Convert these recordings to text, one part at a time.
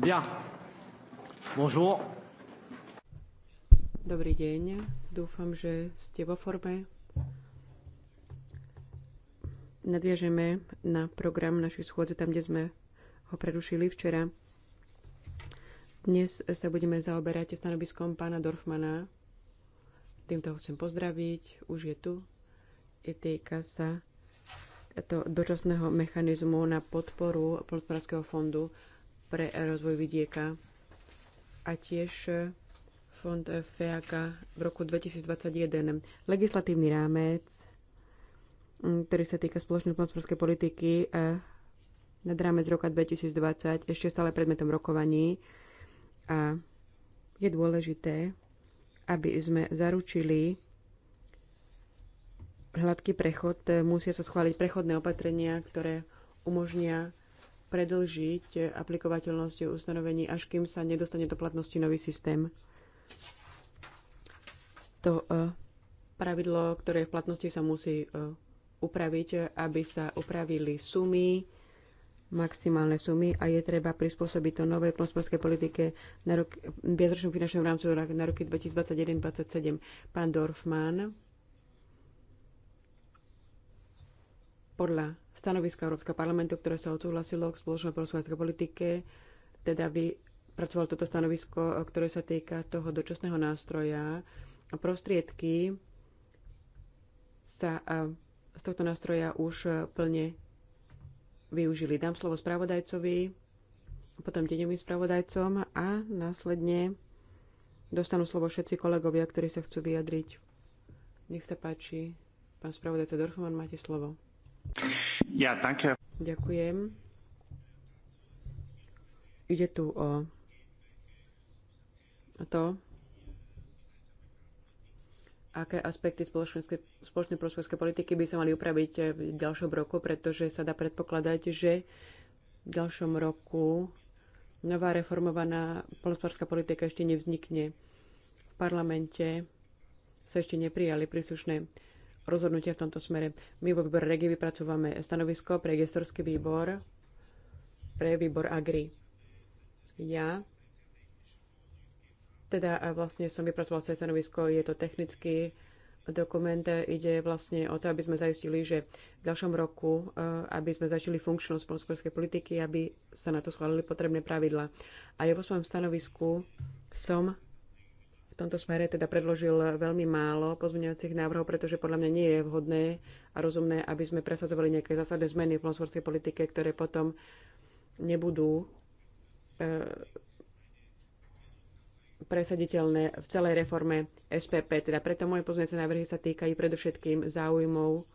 Bien. Bonjour. Dobrý deň. Dúfam, že ste vo forme. Nadviažeme na program našej schôdze tam, kde sme ho prerušili včera. Dnes sa budeme zaoberať stanoviskom pána Dorfmana. Týmto ho chcem pozdraviť. Už je tu. I týka sa to dočasného mechanizmu na podporu Polského fondu pre rozvoj vidieka a tiež fond FEAK v roku 2021. Legislatívny rámec, mm, ktorý sa týka spoločnej podporskej politiky e, nad rámec roka 2020, ešte stále predmetom rokovaní a je dôležité, aby sme zaručili hladký prechod, e, musia sa schváliť prechodné opatrenia, ktoré umožnia predlžiť aplikovateľnosť ustanovení, až kým sa nedostane do platnosti nový systém. To e, pravidlo, ktoré je v platnosti, sa musí e, upraviť, aby sa upravili sumy, maximálne sumy a je treba prispôsobiť to novej plnospodárskej politike na rok, finančnom finančnú rámcu na roky 2021-2027. Pán Dorfman podľa stanoviska Európskeho parlamentu, ktoré sa odsúhlasilo k spoločnej porozumárskej politike, teda vypracoval toto stanovisko, eh, ktoré sa týka toho dočasného nástroja a prostriedky sa eh, z tohto nástroja už eh, plne využili. Dám slovo spravodajcovi, potom deňovým spravodajcom a následne dostanú slovo všetci kolegovia, ktorí sa chcú vyjadriť. Nech sa páči, pán spravodajca Dorfman, máte slovo. Ja, danke. Ďakujem. Ide tu o to, aké aspekty spoločnej prospodskej politiky by sa mali upraviť v ďalšom roku, pretože sa dá predpokladať, že v ďalšom roku nová reformovaná polospodárska politika ešte nevznikne. V parlamente sa ešte neprijali príslušné rozhodnutia v tomto smere. My vo výbore Regi vypracúvame stanovisko pre gestorský výbor, pre výbor Agri. Ja teda eh, vlastne som vypracovala svoje stanovisko, je to technický dokument, eh, ide vlastne o to, aby sme zaistili, že v ďalšom roku, eh, aby sme začali funkčnosť polnospodárskej politiky, aby sa na to schválili potrebné pravidla. A ja vo svojom stanovisku som tomto smere teda predložil veľmi málo pozmeňovacích návrhov, pretože podľa mňa nie je vhodné a rozumné, aby sme presadzovali nejaké zásadné zmeny v plnospodárskej politike, ktoré potom nebudú e, presaditeľné v celej reforme SPP. Teda preto moje pozmeňujúce návrhy sa týkajú predovšetkým záujmov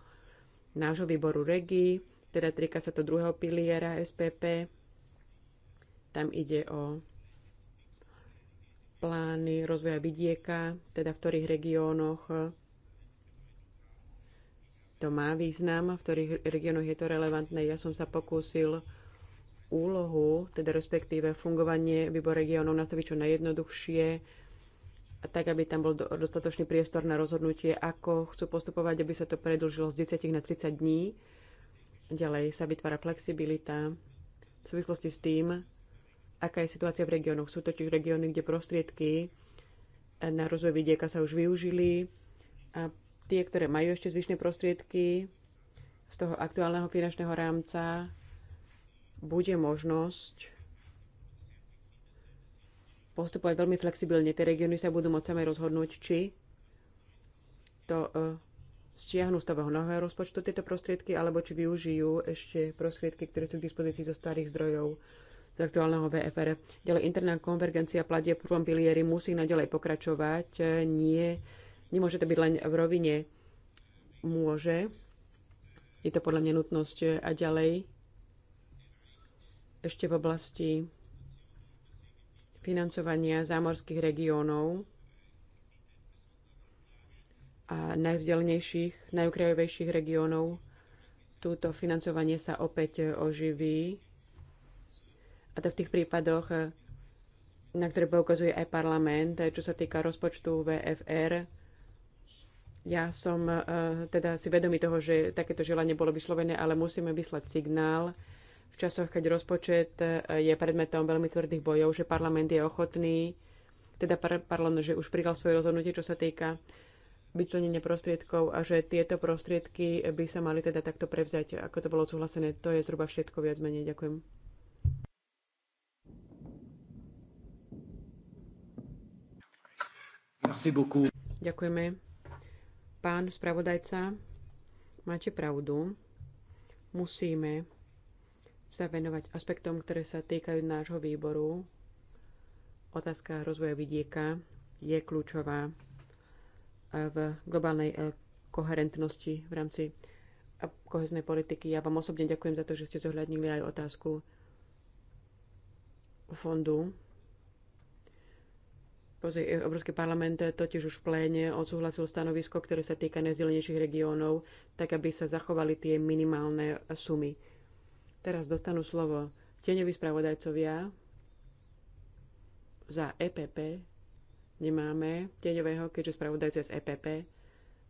nášho výboru REGI, teda týka sa to druhého piliera SPP. Tam ide o plány rozvoja vidieka, teda v ktorých regiónoch to má význam, v ktorých regiónoch je to relevantné. Ja som sa pokúsil úlohu, teda respektíve fungovanie výboru regiónov nastaviť čo najjednoduchšie, a tak, aby tam bol dostatočný priestor na rozhodnutie, ako chcú postupovať, aby sa to predlžilo z 10 na 30 dní. Ďalej sa vytvára flexibilita v súvislosti s tým, aká je situácia v regiónoch. Sú totiž regióny, kde prostriedky na rozvoj vidieka sa už využili a tie, ktoré majú ešte zvyšné prostriedky z toho aktuálneho finančného rámca, bude možnosť postupovať veľmi flexibilne. Tie regióny sa budú môcť same rozhodnúť, či to e, stiahnu z toho nového rozpočtu tieto prostriedky, alebo či využijú ešte prostriedky, ktoré sú k dispozícii zo starých zdrojov z aktuálneho VFR. E ďalej interná konvergencia platie v prvom pilieri musí naďalej pokračovať. Nie, nemôže to byť len v rovine. Môže. Je to podľa mňa nutnosť a ďalej ešte v oblasti financovania zámorských regiónov a najvzdialenejších, najukrajovejších regiónov. Túto financovanie sa opäť oživí a to v tých prípadoch, eh, na ktoré poukazuje aj parlament, eh, čo sa týka rozpočtu VFR. Ja som eh, teda si vedomý toho, že takéto želanie bolo vyslovené, ale musíme vyslať signál v časoch, keď rozpočet je predmetom veľmi tvrdých bojov, že parlament je ochotný, teda parlament, že už pridal svoje rozhodnutie, čo sa týka vyčlenenia prostriedkov a že tieto prostriedky by sa mali teda takto prevziať, ako to bolo odsúhlasené. To je zhruba všetko viac menej. Ďakujem. Merci beaucoup. Ďakujeme. Pán spravodajca, máte pravdu. Musíme sa venovať aspektom, ktoré sa týkajú nášho výboru. Otázka rozvoja vidieka je kľúčová v globálnej eh, koherentnosti v rámci eh, koheznej politiky. Ja vám osobne ďakujem za to, že ste zohľadnili aj otázku fondu Európsky parlament totiž už v pléne odsúhlasil stanovisko, ktoré sa týka najzdelenejších regiónov, tak aby sa zachovali tie minimálne sumy. Teraz dostanú slovo tieňoví spravodajcovia za EPP. Nemáme tieňového, keďže spravodajca z EPP.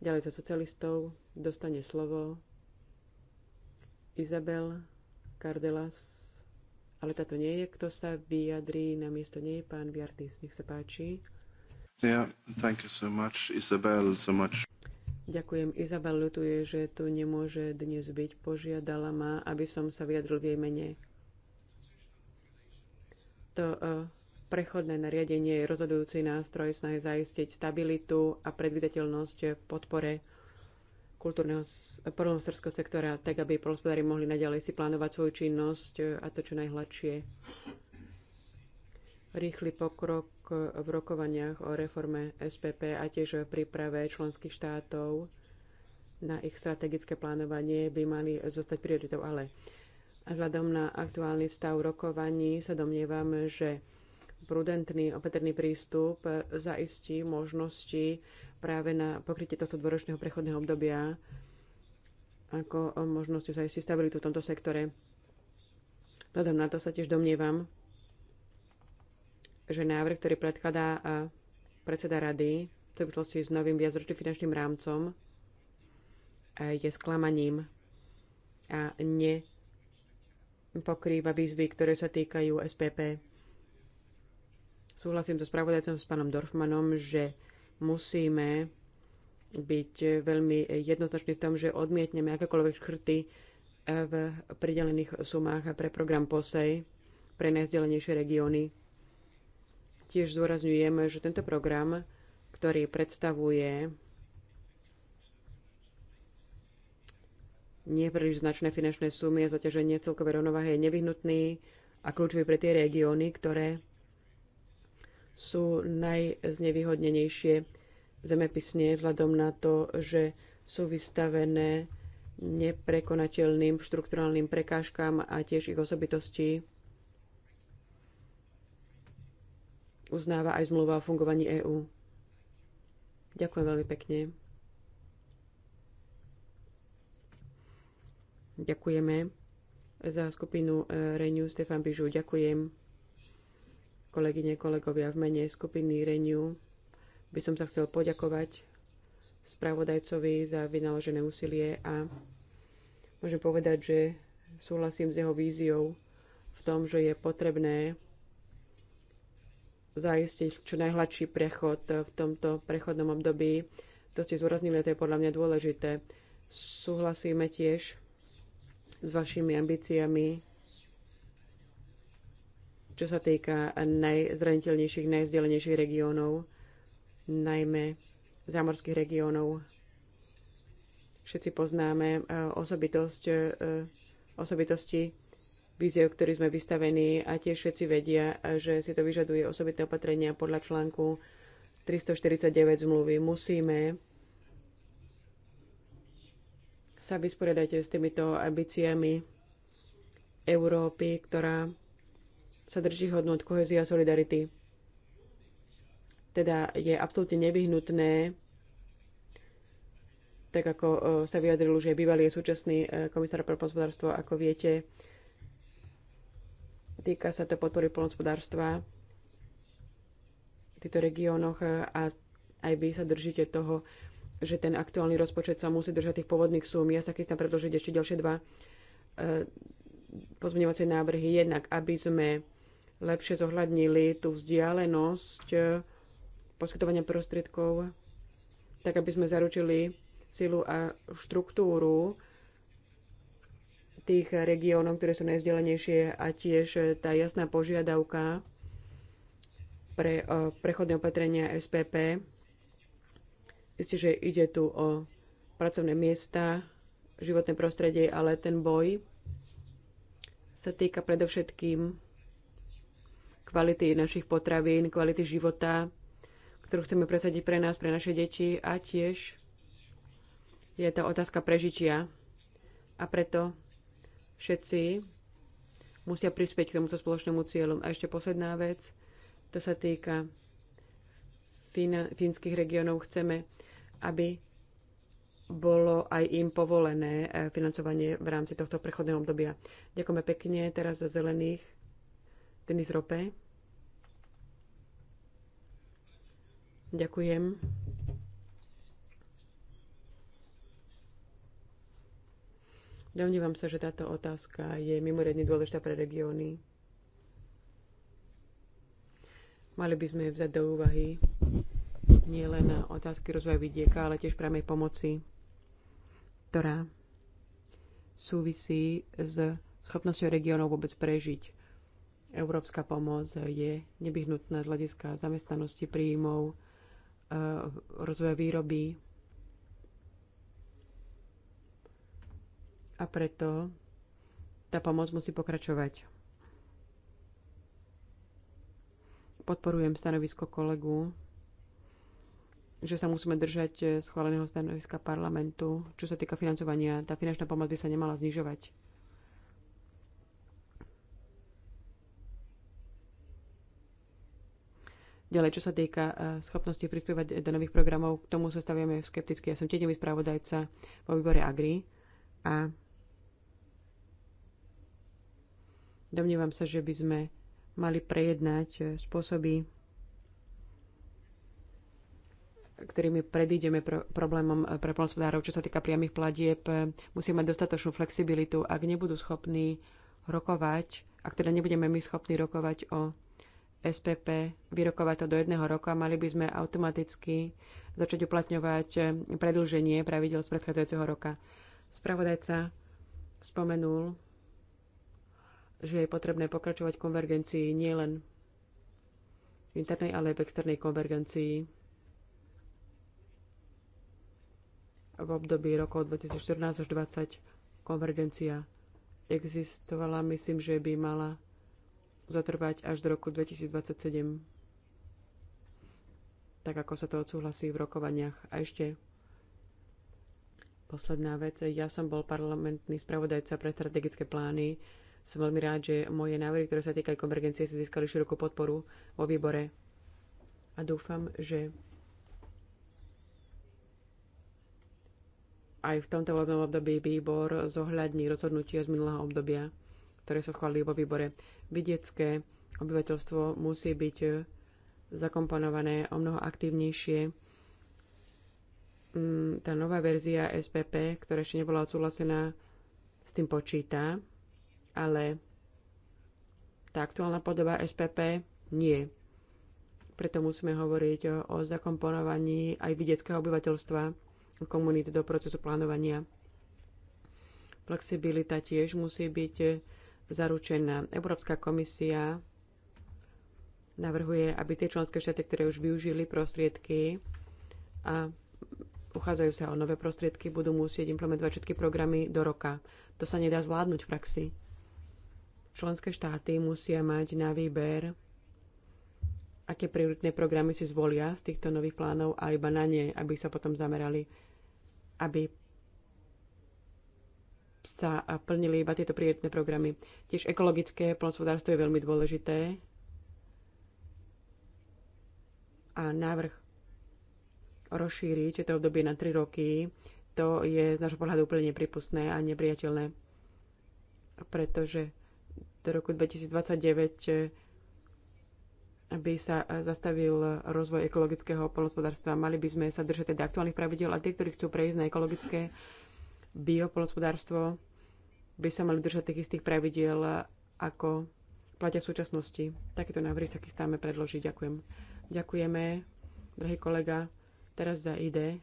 Ďalej za socialistov dostane slovo Izabel Cardelas ale táto nie je. Kto sa vyjadrí na miesto nej? Pán Viardis, nech sa páči. Yeah, thank you so much, Isabel, so much. Ďakujem. Izabel ľutuje, že tu nemôže dnes byť. Požiadala ma, aby som sa vyjadril v jej mene. To uh, prechodné nariadenie je rozhodujúci nástroj v snahe zaistiť stabilitu a predvydateľnosť v podpore kultúrneho polnohospodárskeho sektora, tak aby polnohospodári mohli naďalej si plánovať svoju činnosť e, a to čo najhladšie. Rýchly pokrok v rokovaniach o reforme SPP a tiež v príprave členských štátov na ich strategické plánovanie by mali zostať prioritou, ale vzhľadom na aktuálny stav rokovaní sa domnievam, že prudentný, opatrný prístup zaistí možnosti práve na pokrytie tohto dvoročného prechodného obdobia ako možnosti zaistiť stabilitu v tomto sektore. Vzhľadom na to sa tiež domnievam, že návrh, ktorý predkladá predseda rady v súvislosti s novým viacročným finančným rámcom, je sklamaním a nepokrýva výzvy, ktoré sa týkajú SPP. Súhlasím so spravodajcom s pánom Dorfmanom, že musíme byť veľmi jednoznačný v tom, že odmietneme akékoľvek škrty v pridelených sumách pre program POSEJ pre najzdelenejšie regióny. Tiež zdôrazňujeme, že tento program, ktorý predstavuje nepríliš značné finančné sumy a zaťaženie celkové rovnováhy je nevyhnutný a kľúčový pre tie regióny, ktoré sú najznevýhodnenejšie zemepisne vzhľadom na to, že sú vystavené neprekonateľným štrukturálnym prekážkam a tiež ich osobitosti uznáva aj zmluva o fungovaní EÚ. Ďakujem veľmi pekne. Ďakujeme za skupinu eh, Renew Stefan Bižu. Ďakujem. Kolegyne, kolegovia, v mene skupiny Renew by som sa chcel poďakovať spravodajcovi za vynaložené úsilie a môžem povedať, že súhlasím s jeho víziou v tom, že je potrebné zaistiť čo najhladší prechod v tomto prechodnom období. To ste zúraznili, to je podľa mňa dôležité. Súhlasíme tiež s vašimi ambíciami čo sa týka najzraniteľnejších, najvzdelenejších regiónov, najmä zámorských regiónov. Všetci poznáme e, osobitosť, e, osobitosti víziev, ktorý sme vystavení a tiež všetci vedia, e, že si to vyžaduje osobité opatrenia podľa článku 349 zmluvy. Musíme sa vysporiadať s týmito ambíciami Európy, ktorá sa drží hodnot kohezia a solidarity. Teda je absolútne nevyhnutné, tak ako e, sa vyjadril už aj bývalý a súčasný e, komisár pre hospodárstvo, ako viete, týka sa to podpory polnospodárstva v týchto regiónoch e, a aj vy sa držíte toho, že ten aktuálny rozpočet sa musí držať tých pôvodných súm. Ja sa chystám predložiť ešte ďalšie dva pozmeňovacie návrhy. Jednak, aby sme lepšie zohľadnili tú vzdialenosť eh, poskytovania prostriedkov, tak aby sme zaručili silu a štruktúru tých regiónov, ktoré sú najvzdelenejšie a tiež eh, tá jasná požiadavka pre eh, prechodné opatrenia SPP. Isté, že ide tu o pracovné miesta, životné prostredie, ale ten boj sa týka predovšetkým kvality našich potravín, kvality života, ktorú chceme presadiť pre nás, pre naše deti a tiež je to otázka prežitia. A preto všetci musia prispieť k tomuto spoločnému cieľu. A ešte posledná vec, to sa týka fínskych regiónov. Chceme, aby bolo aj im povolené e, financovanie v rámci tohto prechodného obdobia. Ďakujeme pekne teraz za zelených. Denis Rope. Ďakujem. Domnívam sa, že táto otázka je mimoriadne dôležitá pre regióny. Mali by sme vzať do úvahy nielen otázky rozvoja vidieka, ale tiež priamej pomoci, ktorá súvisí s schopnosťou regiónov vôbec prežiť. Európska pomoc je nevyhnutná z hľadiska zamestnanosti príjmov, Eh, rozvoja výroby. A preto tá pomoc musí pokračovať. Podporujem stanovisko kolegu, že sa musíme držať eh, schváleného stanoviska parlamentu, čo sa týka financovania. Tá finančná pomoc by sa nemala znižovať Ďalej, čo sa týka e, schopnosti prispievať do nových programov, k tomu sa staviame skepticky. Ja som tieňový správodajca vo výbore Agri a domnievam sa, že by sme mali prejednať e, spôsoby, ktorými predídeme pro- problémom e, pre plnospodárov, čo sa týka priamých platieb, Musíme mať dostatočnú flexibilitu. Ak nebudú schopní rokovať, ak teda nebudeme my schopní rokovať o SPP, vyrokovať to do jedného roka, mali by sme automaticky začať uplatňovať eh, predlženie pravidel z predchádzajúceho roka. Spravodajca spomenul, že je potrebné pokračovať konvergencii nielen v internej, ale aj v externej konvergencii v období rokov 2014 až 2020 konvergencia existovala, myslím, že by mala zatrvať až do roku 2027, tak ako sa to odsúhlasí v rokovaniach. A ešte posledná vec. Ja som bol parlamentný spravodajca pre strategické plány. Som veľmi rád, že moje návrhy, ktoré sa týkajú konvergencie, si získali širokú podporu vo výbore. A dúfam, že aj v tomto volebnom období výbor zohľadní rozhodnutie z minulého obdobia ktoré sa schválili vo výbore. Vidiecké obyvateľstvo musí byť e, zakomponované o mnoho aktívnejšie. Mm, tá nová verzia SPP, ktorá ešte nebola odsúhlasená, s tým počíta, ale tá aktuálna podoba SPP nie. Preto musíme hovoriť o, o zakomponovaní aj vidieckého obyvateľstva komunity do procesu plánovania. Flexibilita tiež musí byť e, zaručená. Európska komisia navrhuje, aby tie členské štáty, ktoré už využili prostriedky a uchádzajú sa o nové prostriedky, budú musieť implementovať všetky programy do roka. To sa nedá zvládnuť v praxi. Členské štáty musia mať na výber aké prioritné programy si zvolia z týchto nových plánov a iba na ne, aby sa potom zamerali, aby sa plnili iba tieto prioritné programy. Tiež ekologické plnospodárstvo je veľmi dôležité. A návrh rozšíriť tieto obdobie na 3 roky, to je z nášho pohľadu úplne nepripustné a nepriateľné. Pretože do roku 2029 eh, by sa zastavil rozvoj ekologického polnospodárstva. Mali by sme sa držať teda aktuálnych pravidel a tie, ktorí chcú prejsť na ekologické biopolospodárstvo by sa mali držať tých istých pravidiel, ako platia v súčasnosti. Takéto návrhy sa chystáme predložiť. Ďakujem. Ďakujeme, drahý kolega. Teraz za ID.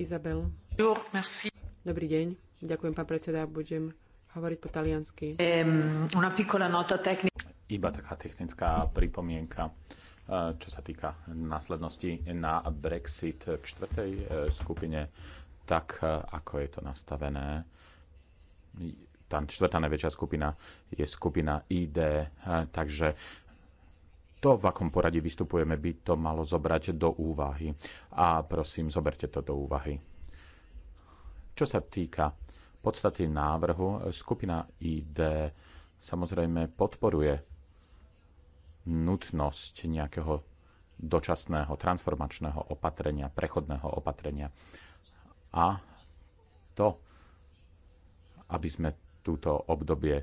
Izabel. Dobrý deň. Ďakujem, pán predseda. Budem hovoriť po taliansky. Iba taká technická pripomienka eh, čo sa týka následnosti na Brexit k štvrtej eh, skupine tak e, ako je to nastavené. Tam čtvrtá najväčšia skupina je skupina ID, e, takže to, v akom poradí vystupujeme, by to malo zobrať do úvahy. A prosím, zoberte to do úvahy. Čo sa týka podstaty návrhu, skupina ID samozrejme podporuje nutnosť nejakého dočasného transformačného opatrenia, prechodného opatrenia a to, aby sme túto obdobie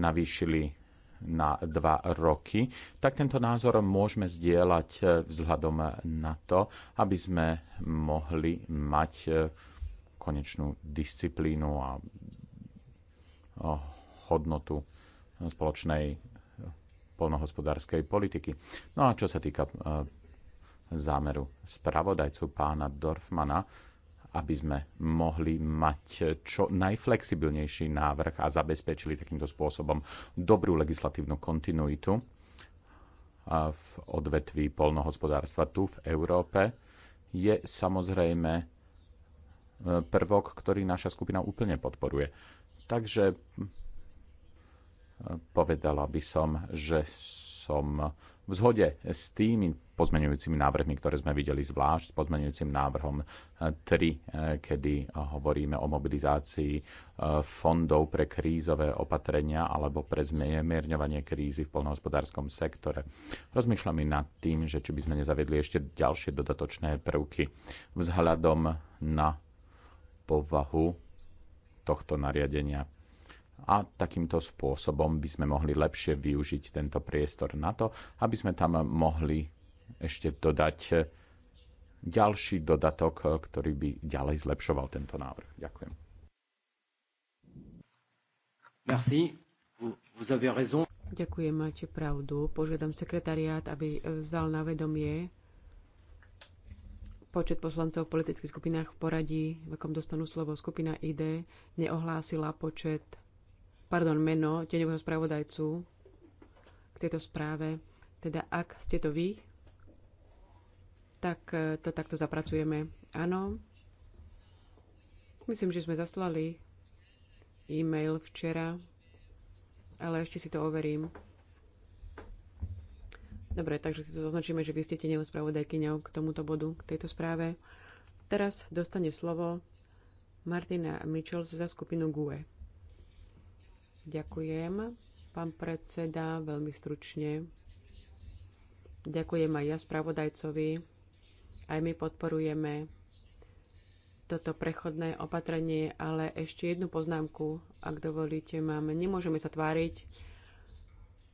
navýšili na dva roky, tak tento názor môžeme zdieľať e, vzhľadom na to, aby sme mohli mať e, konečnú disciplínu a e, hodnotu spoločnej polnohospodárskej politiky. No a čo sa týka zámeru spravodajcu pána Dorfmana, aby sme mohli mať čo najflexibilnejší návrh a zabezpečili takýmto spôsobom dobrú legislatívnu kontinuitu v odvetví polnohospodárstva tu v Európe, je samozrejme e, prvok, ktorý naša skupina úplne podporuje. Takže e, povedala by som, že som v zhode s tými pozmenujúcimi návrhmi, ktoré sme videli zvlášť, s pozmenujúcim návrhom 3, eh, eh, kedy hovoríme o mobilizácii eh, fondov pre krízové opatrenia alebo pre zmierňovanie krízy v polnohospodárskom sektore. Rozmýšľame nad tým, že či by sme nezavedli ešte ďalšie dodatočné prvky vzhľadom na povahu tohto nariadenia a takýmto spôsobom by sme mohli lepšie využiť tento priestor na to, aby sme tam mohli ešte dodať ďalší dodatok, ktorý by ďalej zlepšoval tento návrh. Ďakujem. Merci. Vous avez raison. Ďakujem, máte pravdu. Požiadam sekretariát, aby e, vzal na vedomie počet poslancov v politických skupinách v poradí, v akom dostanú slovo skupina ID, neohlásila počet pardon, meno tenového spravodajcu k tejto správe. Teda ak ste to vy, tak eh, to takto zapracujeme. Áno, myslím, že sme zaslali e-mail včera, ale ešte si to overím. Dobre, takže si to zaznačíme, že vy ste tenevou spravodajkyňou k tomuto bodu, k tejto správe. Teraz dostane slovo Martina Mitchell za skupinu GUE. Ďakujem, pán predseda, veľmi stručne. Ďakujem aj ja spravodajcovi. Aj my podporujeme toto prechodné opatrenie, ale ešte jednu poznámku, ak dovolíte, máme. Nemôžeme sa tváriť,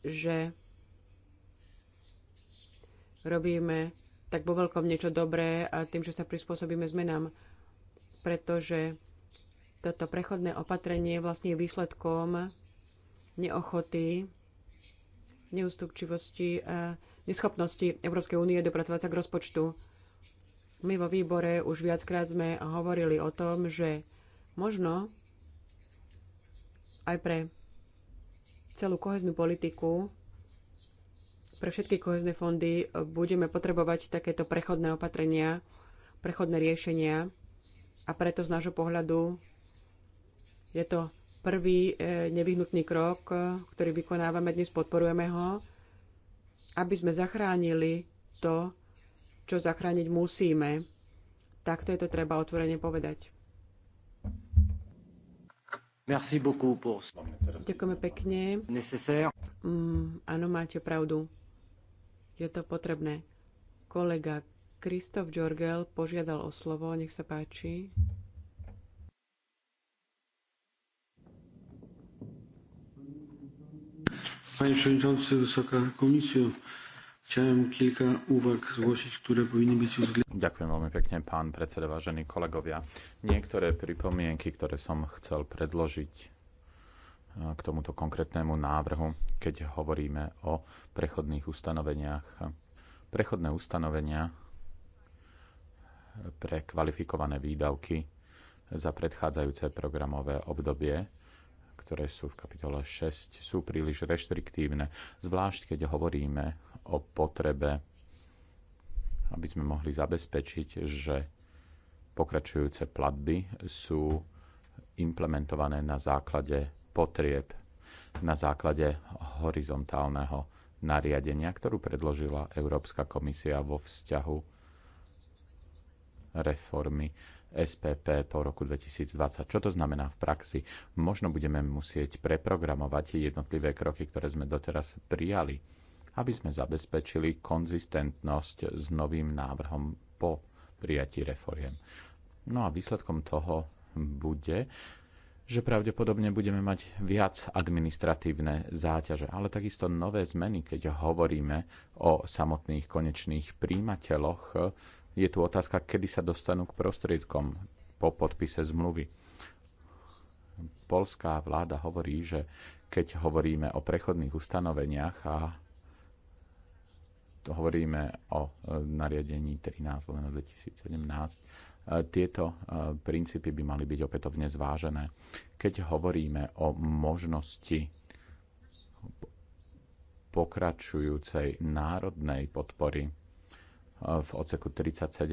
že robíme tak vo veľkom niečo dobré a tým, že sa prispôsobíme zmenám, pretože toto prechodné opatrenie je vlastne výsledkom neochoty, neústupčivosti a neschopnosti Európskej únie dopracovať sa k rozpočtu. My vo výbore už viackrát sme hovorili o tom, že možno aj pre celú koheznú politiku, pre všetky kohezné fondy budeme potrebovať takéto prechodné opatrenia, prechodné riešenia a preto z nášho pohľadu je to prvý e, nevyhnutný krok, e, ktorý vykonávame dnes, podporujeme ho, aby sme zachránili to, čo zachrániť musíme. Takto je to treba otvorene povedať. Merci beaucoup pour... Ďakujeme pekne. Necessaire. Mm, áno, máte pravdu. Je to potrebné. Kolega Kristof Jorgel požiadal o slovo, nech sa páči. Panie Przewodniczący, Wysoka Komisjo, chciałem kilka uwag zgłosić, które powinny być uwzględnione. Ďakujem veľmi pekne, pán predseda, vážení kolegovia. Niektoré pripomienky, ktoré som chcel predložiť e, k tomuto konkrétnemu návrhu, keď hovoríme o prechodných ustanoveniach. Prechodné ustanovenia pre kvalifikované výdavky za predchádzajúce programové obdobie ktoré sú v kapitole 6, sú príliš reštriktívne, zvlášť keď hovoríme o potrebe, aby sme mohli zabezpečiť, že pokračujúce platby sú implementované na základe potrieb, na základe horizontálneho nariadenia, ktorú predložila Európska komisia vo vzťahu reformy SPP po roku 2020. Čo to znamená v praxi? Možno budeme musieť preprogramovať jednotlivé kroky, ktoré sme doteraz prijali, aby sme zabezpečili konzistentnosť s novým návrhom po prijatí reforiem. No a výsledkom toho bude, že pravdepodobne budeme mať viac administratívne záťaže, ale takisto nové zmeny, keď hovoríme o samotných konečných príjimateľoch je tu otázka, kedy sa dostanú k prostriedkom po podpise zmluvy. Polská vláda hovorí, že keď hovoríme o prechodných ustanoveniach a hovoríme o e, nariadení 13 2017, e, tieto e, princípy by mali byť opätovne zvážené. Keď hovoríme o možnosti pokračujúcej národnej podpory v odseku 37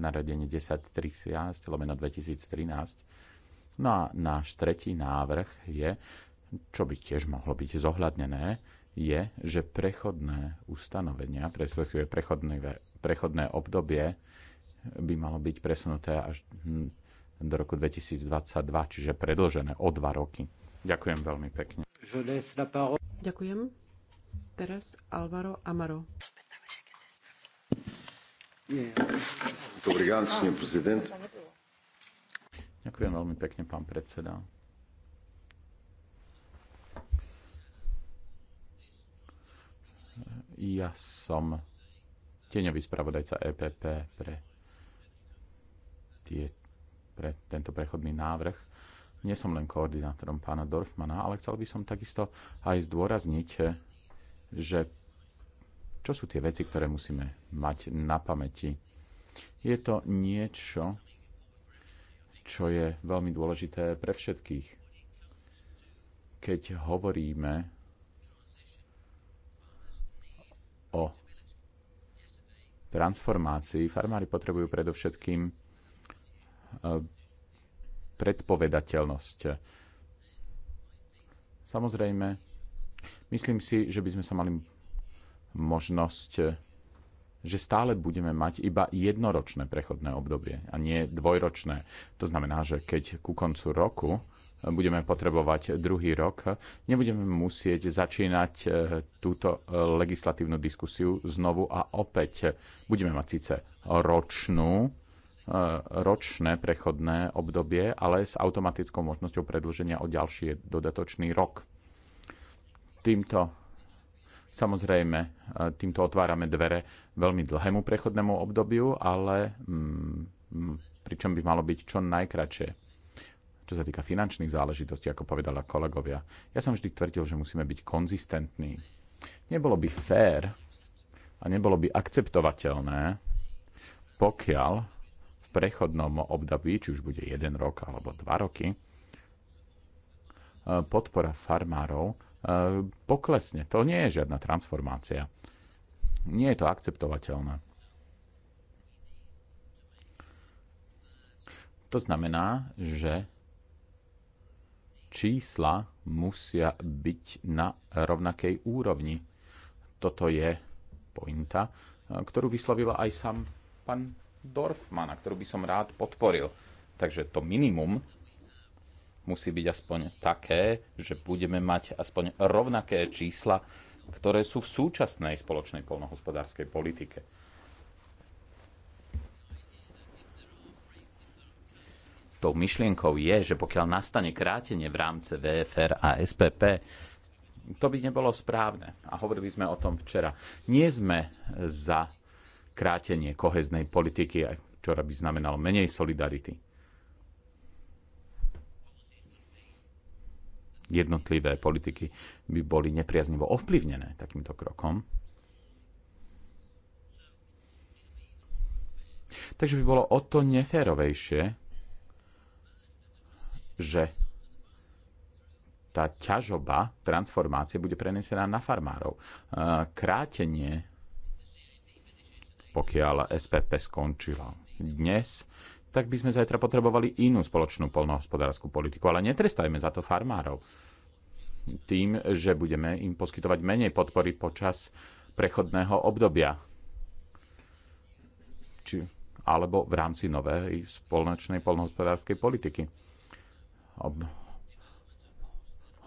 naradenie 1030 lomeno 2013. No a náš tretí návrh je, čo by tiež mohlo byť zohľadnené, je, že prechodné ustanovenia, respektíve prechodné, prechodné obdobie by malo byť presunuté až hm, do roku 2022, čiže predlžené o dva roky. Ďakujem veľmi pekne. Ďakujem. Teraz Alvaro Amaro. Ďakujem veľmi pekne, pán predseda. Ja som tieňový spravodajca EPP pre, tie, pre tento prechodný návrh. Nie som len koordinátorom pána Dorfmana, ale chcel by som takisto aj zdôrazniť, že čo sú tie veci, ktoré musíme mať na pamäti? Je to niečo, čo je veľmi dôležité pre všetkých. Keď hovoríme o transformácii, farmári potrebujú predovšetkým e, predpovedateľnosť. Samozrejme, myslím si, že by sme sa mali možnosť, eh, že stále budeme mať iba jednoročné prechodné obdobie a nie dvojročné. To znamená, že keď ku koncu roku eh, budeme potrebovať druhý rok, eh, nebudeme musieť začínať túto legislatívnu diskusiu znovu a opäť. Budeme mať síce ročnú ročné prechodné obdobie, ale s automatickou možnosťou predlženia o ďalší dodatočný rok. Týmto Samozrejme, e, týmto otvárame dvere veľmi dlhému prechodnému obdobiu, ale mm, mm, pričom by malo byť čo najkračšie. Čo sa týka finančných záležitostí, ako povedala kolegovia, ja som vždy tvrdil, že musíme byť konzistentní. Nebolo by fér a nebolo by akceptovateľné, pokiaľ v prechodnom období, či už bude jeden rok alebo dva roky, e, podpora farmárov poklesne. To nie je žiadna transformácia. Nie je to akceptovateľné. To znamená, že čísla musia byť na rovnakej úrovni. Toto je pointa, ktorú vyslovila aj sám pán Dorfman, a ktorú by som rád podporil. Takže to minimum musí byť aspoň také, že budeme mať aspoň rovnaké čísla, ktoré sú v súčasnej spoločnej polnohospodárskej politike. Tou myšlienkou je, že pokiaľ nastane krátenie v rámci VFR a SPP, to by nebolo správne. A hovorili sme o tom včera. Nie sme za krátenie koheznej politiky, čo by znamenalo menej solidarity jednotlivé politiky by boli nepriaznivo ovplyvnené takýmto krokom. Takže by bolo o to neférovejšie, že tá ťažoba transformácie bude prenesená na farmárov. Krátenie, pokiaľ SPP skončilo dnes, tak by sme zajtra potrebovali inú spoločnú polnohospodárskú politiku. Ale netrestajme za to farmárov tým, že budeme im poskytovať menej podpory počas prechodného obdobia. Či, alebo v rámci novej spoločnej polnohospodárskej politiky. Ob,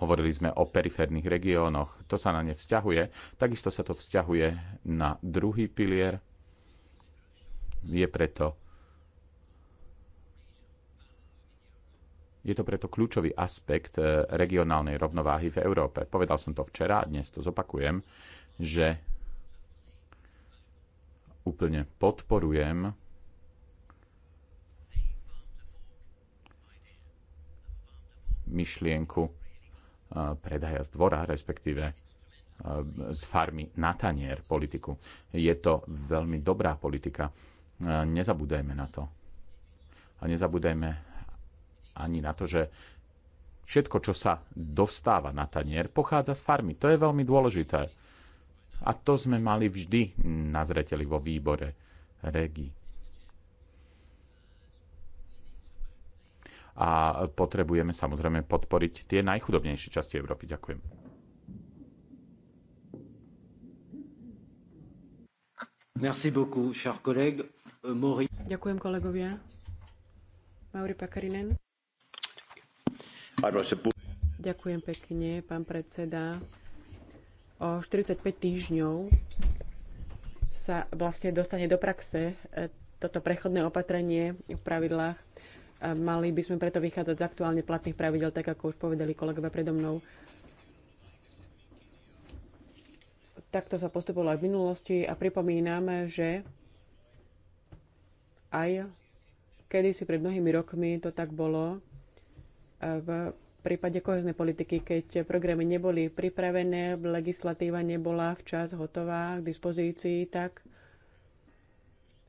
hovorili sme o periférnych regiónoch. To sa na ne vzťahuje. Takisto sa to vzťahuje na druhý pilier. Je preto Je to preto kľúčový aspekt e, regionálnej rovnováhy v Európe. Povedal som to včera a dnes to zopakujem, že úplne podporujem myšlienku e, predaja z dvora, respektíve e, z farmy na tanier politiku. Je to veľmi dobrá politika. Nezabúdajme na to. A nezabúdajme ani na to, že všetko, čo sa dostáva na tanier, pochádza z farmy. To je veľmi dôležité. A to sme mali vždy na zreteli vo výbore regi. A potrebujeme samozrejme podporiť tie najchudobnejšie časti Európy. Ďakujem. Merci beaucoup, cher collègue. Euh, Ďakujem kolegovia. Mauri Pakarinen. Ďakujem pekne, pán predseda. O 45 týždňov sa vlastne dostane do praxe e, toto prechodné opatrenie v pravidlách. E, mali by sme preto vychádzať z aktuálne platných pravidel, tak ako už povedali kolegovia predo mnou. Takto sa postupovalo aj v minulosti a pripomínam, že aj kedysi pred mnohými rokmi to tak bolo, v prípade kohezné politiky, keď programy neboli pripravené, legislatíva nebola včas hotová k dispozícii, tak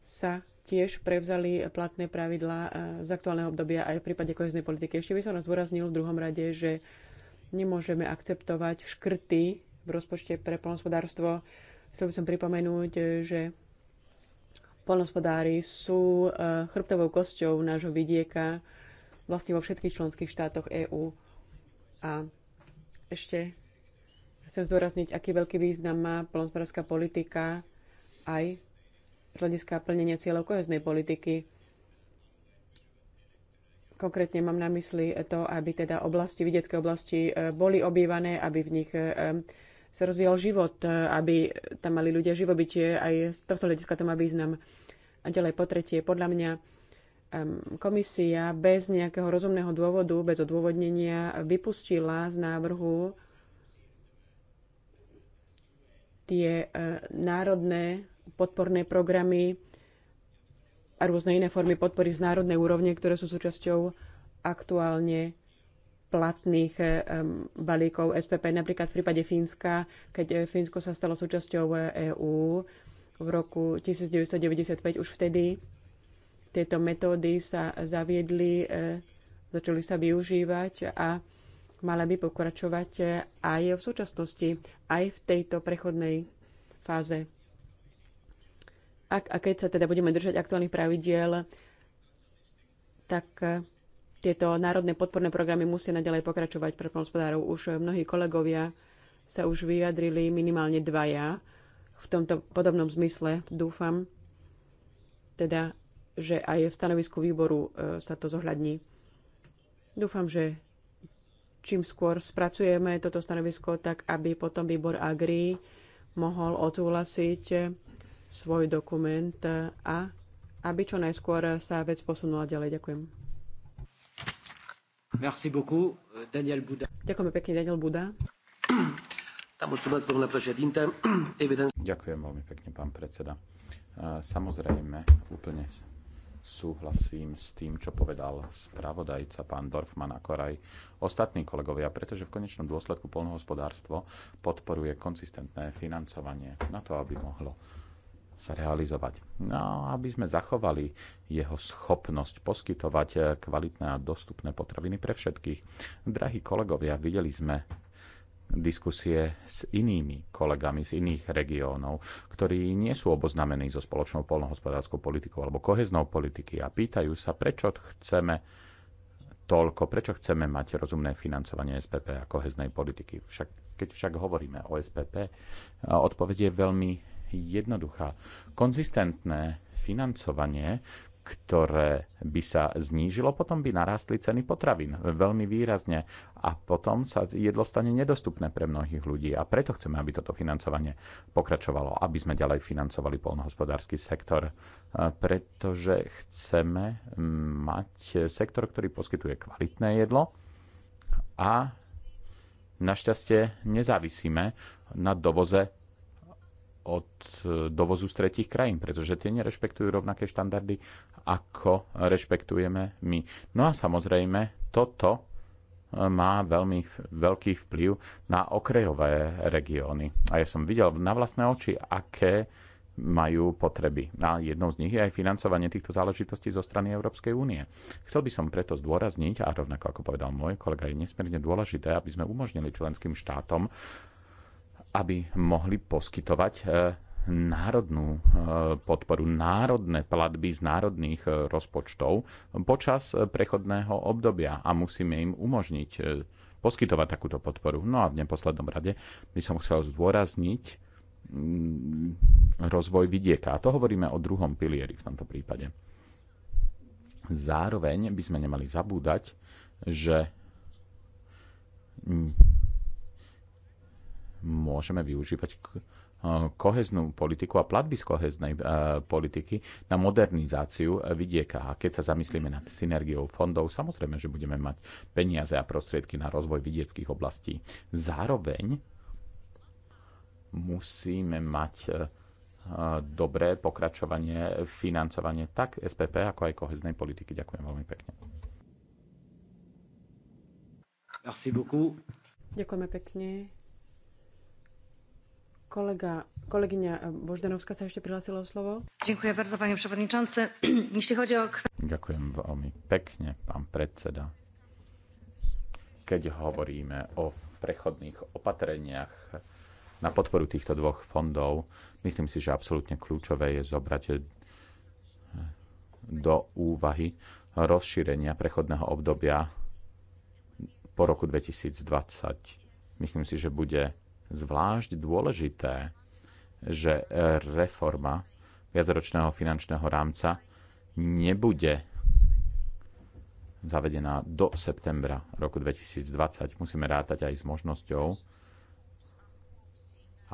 sa tiež prevzali platné pravidlá e, z aktuálneho obdobia aj v prípade koheznej politiky. Ešte by som nás zdôraznil v druhom rade, že nemôžeme akceptovať škrty v rozpočte pre polnospodárstvo. Chcel by som pripomenúť, že polnospodári sú e, chrbtovou kosťou nášho vidieka, vlastne vo všetkých členských štátoch EÚ. A ešte chcem zdôrazniť, aký veľký význam má polnospodárska politika aj z hľadiska plnenia cieľov koheznej politiky. Konkrétne mám na mysli to, aby teda oblasti, vidiecké oblasti e, boli obývané, aby v nich e, sa rozvíjal život, e, aby tam mali ľudia živobytie, aj z tohto hľadiska to má význam. A ďalej po tretie, podľa mňa komisia bez nejakého rozumného dôvodu, bez odôvodnenia vypustila z návrhu tie e, národné podporné programy a rôzne iné formy podpory z národnej úrovne, ktoré sú súčasťou aktuálne platných e, balíkov SPP. Napríklad v prípade Fínska, keď e, Fínsko sa stalo súčasťou EÚ v roku 1995, už vtedy tieto metódy sa zaviedli, e, začali sa využívať a mala by pokračovať e, aj v súčasnosti, aj v tejto prechodnej fáze. Ak a keď sa teda budeme držať aktuálnych pravidiel, tak e, tieto národné podporné programy musia naďalej pokračovať pre hospodárov. Už mnohí kolegovia sa už vyjadrili, minimálne dvaja, v tomto podobnom zmysle, dúfam. Teda že aj v stanovisku výboru e, sa to zohľadní. Dúfam, že čím skôr spracujeme toto stanovisko, tak aby potom výbor Agri mohol odsúhlasiť svoj dokument a aby čo najskôr sa vec posunula ďalej. Ďakujem. Merci beaucoup, Daniel Buda. Ďakujeme pekne, Daniel Buda. Ďakujem veľmi pekne, pán predseda. Samozrejme, úplne súhlasím s tým, čo povedal spravodajca pán Dorfman ako aj ostatní kolegovia, pretože v konečnom dôsledku polnohospodárstvo podporuje konsistentné financovanie na to, aby mohlo sa realizovať. No, aby sme zachovali jeho schopnosť poskytovať kvalitné a dostupné potraviny pre všetkých. Drahí kolegovia, videli sme diskusie s inými kolegami z iných regiónov, ktorí nie sú oboznamení so spoločnou polnohospodárskou politikou alebo koheznou politiky a pýtajú sa, prečo chceme toľko, prečo chceme mať rozumné financovanie SPP a koheznej politiky. Však, keď však hovoríme o SPP, odpoveď je veľmi jednoduchá. Konzistentné financovanie, ktoré by sa znížilo, potom by narastli ceny potravín veľmi výrazne a potom sa jedlo stane nedostupné pre mnohých ľudí a preto chceme, aby toto financovanie pokračovalo, aby sme ďalej financovali polnohospodársky sektor, e, pretože chceme mať sektor, ktorý poskytuje kvalitné jedlo a našťastie nezávisíme na dovoze od e, dovozu z tretich krajín, pretože tie nerešpektujú rovnaké štandardy, ako rešpektujeme my. No a samozrejme, toto e, má veľmi veľký vplyv na okrajové regióny. A ja som videl na vlastné oči, aké majú potreby. A jednou z nich je aj financovanie týchto záležitostí zo strany Európskej únie. Chcel by som preto zdôrazniť, a rovnako ako povedal môj kolega, je nesmierne dôležité, aby sme umožnili členským štátom uh, aby mohli poskytovať e, národnú e, podporu, národné platby z národných e, rozpočtov počas prechodného obdobia a musíme im umožniť poskytovať takúto podporu. No a v neposlednom rade by som chcel zdôrazniť mm, rozvoj vidieka. A to hovoríme o druhom pilieri v tomto prípade. Zároveň by sme nemali zabúdať, že môžeme využívať eh, koheznú politiku a platby z koheznej eh, politiky na modernizáciu eh, vidieka. A keď sa zamyslíme nad synergiou fondov, samozrejme, že budeme mať peniaze a prostriedky na rozvoj vidieckých oblastí. Zároveň musíme mať dobré pokračovanie, financovanie tak SPP, ako aj koheznej politiky. Ďakujem veľmi pekne. Merci beaucoup. Ďakujeme pekne. Kolega, kolegyňa Boždanovská sa ešte prihlásila o slovo. Ďakujem bardzo, przewodniczący. Jeśli chodzi o... Ďakujem veľmi pekne, pán predseda. Keď hovoríme o prechodných opatreniach na podporu týchto dvoch fondov, myslím si, že absolútne kľúčové je zobrať do úvahy rozšírenia prechodného obdobia po roku 2020. Myslím si, že bude zvlášť dôležité, že reforma viacročného finančného rámca nebude zavedená do septembra roku 2020. Musíme rátať aj s možnosťou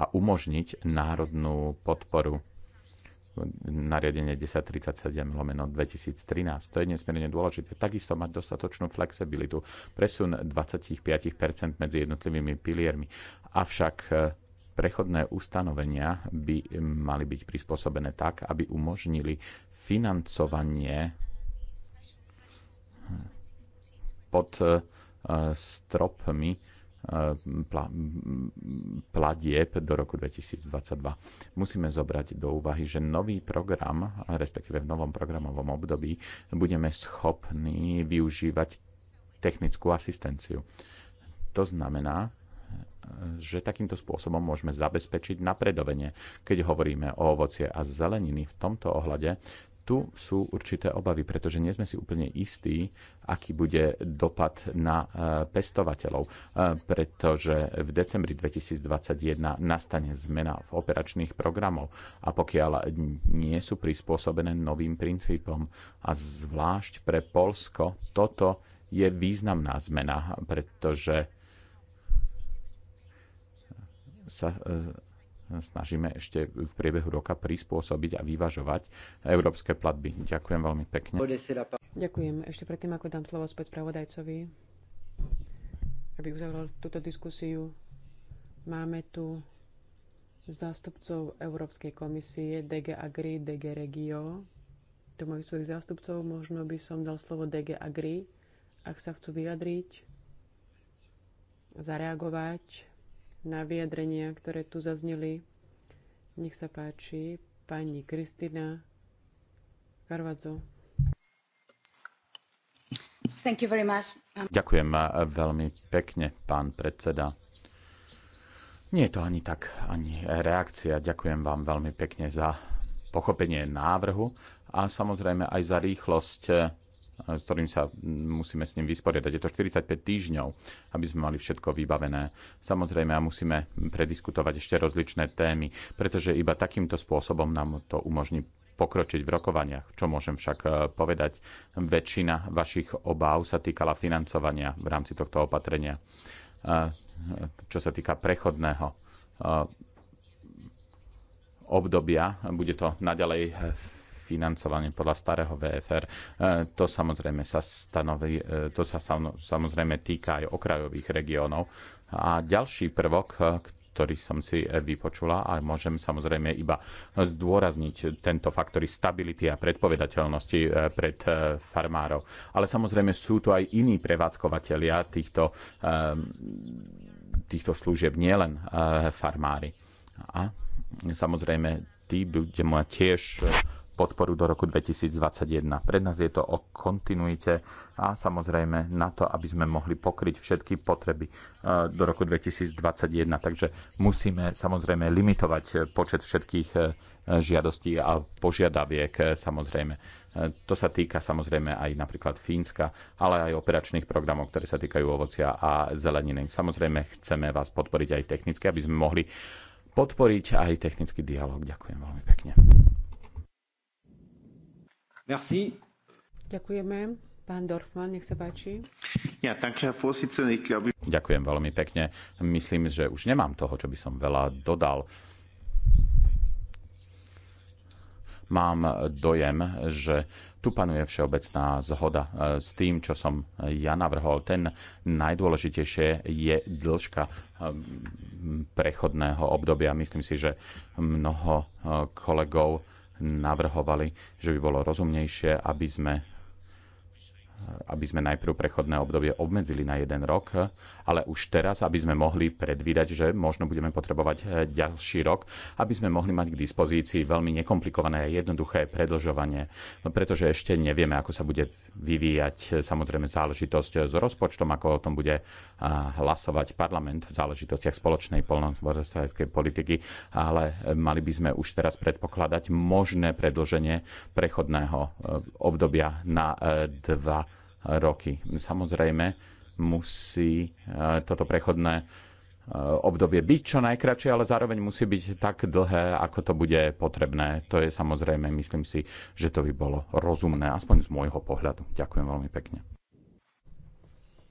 a umožniť národnú podporu nariadenie 1037 lomeno 2013. To je nesmierne dôležité. Takisto mať dostatočnú flexibilitu. Presun 25% medzi jednotlivými piliermi Avšak e, prechodné ustanovenia by mali byť prispôsobené tak, aby umožnili financovanie e, pod e, stropmi platieb do roku 2022. Musíme zobrať do úvahy, že nový program, respektíve v novom programovom období, budeme schopní využívať technickú asistenciu. To znamená, že takýmto spôsobom môžeme zabezpečiť napredovenie, Keď hovoríme o ovocie a zeleniny v tomto ohľade, tu sú určité obavy, pretože nie sme si úplne istí, aký bude dopad na e, pestovateľov, e, pretože v decembri 2021 nastane zmena v operačných programov a pokiaľ nie sú prispôsobené novým princípom a zvlášť pre Polsko, toto je významná zmena, pretože sa e, snažíme ešte v priebehu roka prispôsobiť a vyvažovať európske platby. Ďakujem veľmi pekne. Ďakujem. Ešte predtým, ako dám slovo späť spravodajcovi, aby uzavrel túto diskusiu, máme tu zástupcov Európskej komisie DG Agri, DG Regio. Tu majú svojich zástupcov, možno by som dal slovo DG Agri, ak sa chcú vyjadriť, zareagovať na vyjadrenia, ktoré tu zazneli. Nech sa páči, pani Kristina Carvadzo. Ďakujem veľmi pekne, pán predseda. Nie je to ani tak, ani reakcia. Ďakujem vám veľmi pekne za pochopenie návrhu a samozrejme aj za rýchlosť s ktorým sa musíme s ním vysporiadať. Je to 45 týždňov, aby sme mali všetko vybavené. Samozrejme, a musíme prediskutovať ešte rozličné témy, pretože iba takýmto spôsobom nám to umožní pokročiť v rokovaniach. Čo môžem však e, povedať, väčšina vašich obáv sa týkala financovania v rámci tohto opatrenia. E, čo sa týka prechodného e, obdobia, bude to naďalej financovanie podľa starého VFR. E, to samozrejme sa stanoví, e, to sa samozrejme týka aj okrajových regiónov. A ďalší prvok, e, ktorý som si vypočula a môžem samozrejme iba zdôrazniť tento faktory stability a predpovedateľnosti pred farmárov. Ale samozrejme sú tu aj iní prevádzkovateľia týchto, týchto služieb, nielen farmári. A samozrejme, tí budú mať tiež podporu do roku 2021. Pre nás je to o kontinuite a samozrejme na to, aby sme mohli pokryť všetky potreby e, do roku 2021. Takže musíme samozrejme limitovať počet všetkých e, žiadostí a požiadaviek e, samozrejme. To sa týka samozrejme aj napríklad Fínska, ale aj operačných programov, ktoré sa týkajú ovocia a zeleniny. Samozrejme chceme vás podporiť aj technicky, aby sme mohli podporiť aj technický dialog. Ďakujem veľmi pekne. Merci. Ďakujeme. Pán Dorfman, nech sa páči. Ja, danke, Herr Ich glaube... Ďakujem veľmi pekne. Myslím, že už nemám toho, čo by som veľa dodal. Mám dojem, že tu panuje všeobecná zhoda eh, s tým, čo som eh, ja navrhol. Ten najdôležitejšie je dĺžka eh, prechodného obdobia. Myslím si, že mnoho kolegov navrhovali, že by bolo rozumnejšie, aby sme aby sme najprv prechodné obdobie obmedzili na jeden rok, ale už teraz, aby sme mohli predvídať, že možno budeme potrebovať eh, ďalší rok, aby sme mohli mať k dispozícii veľmi nekomplikované a jednoduché predlžovanie, no, pretože ešte nevieme, ako sa bude vyvíjať eh, samozrejme záležitosť s rozpočtom, ako o tom bude eh, hlasovať parlament v záležitostiach spoločnej polnohospodárskej politiky, ale mali by sme už teraz predpokladať možné predlženie prechodného obdobia na dva roky. Samozrejme, musí e, toto prechodné e, obdobie byť čo najkračšie, ale zároveň musí byť tak dlhé, ako to bude potrebné. To je samozrejme, myslím si, že to by bolo rozumné, aspoň z môjho pohľadu. Ďakujem veľmi pekne.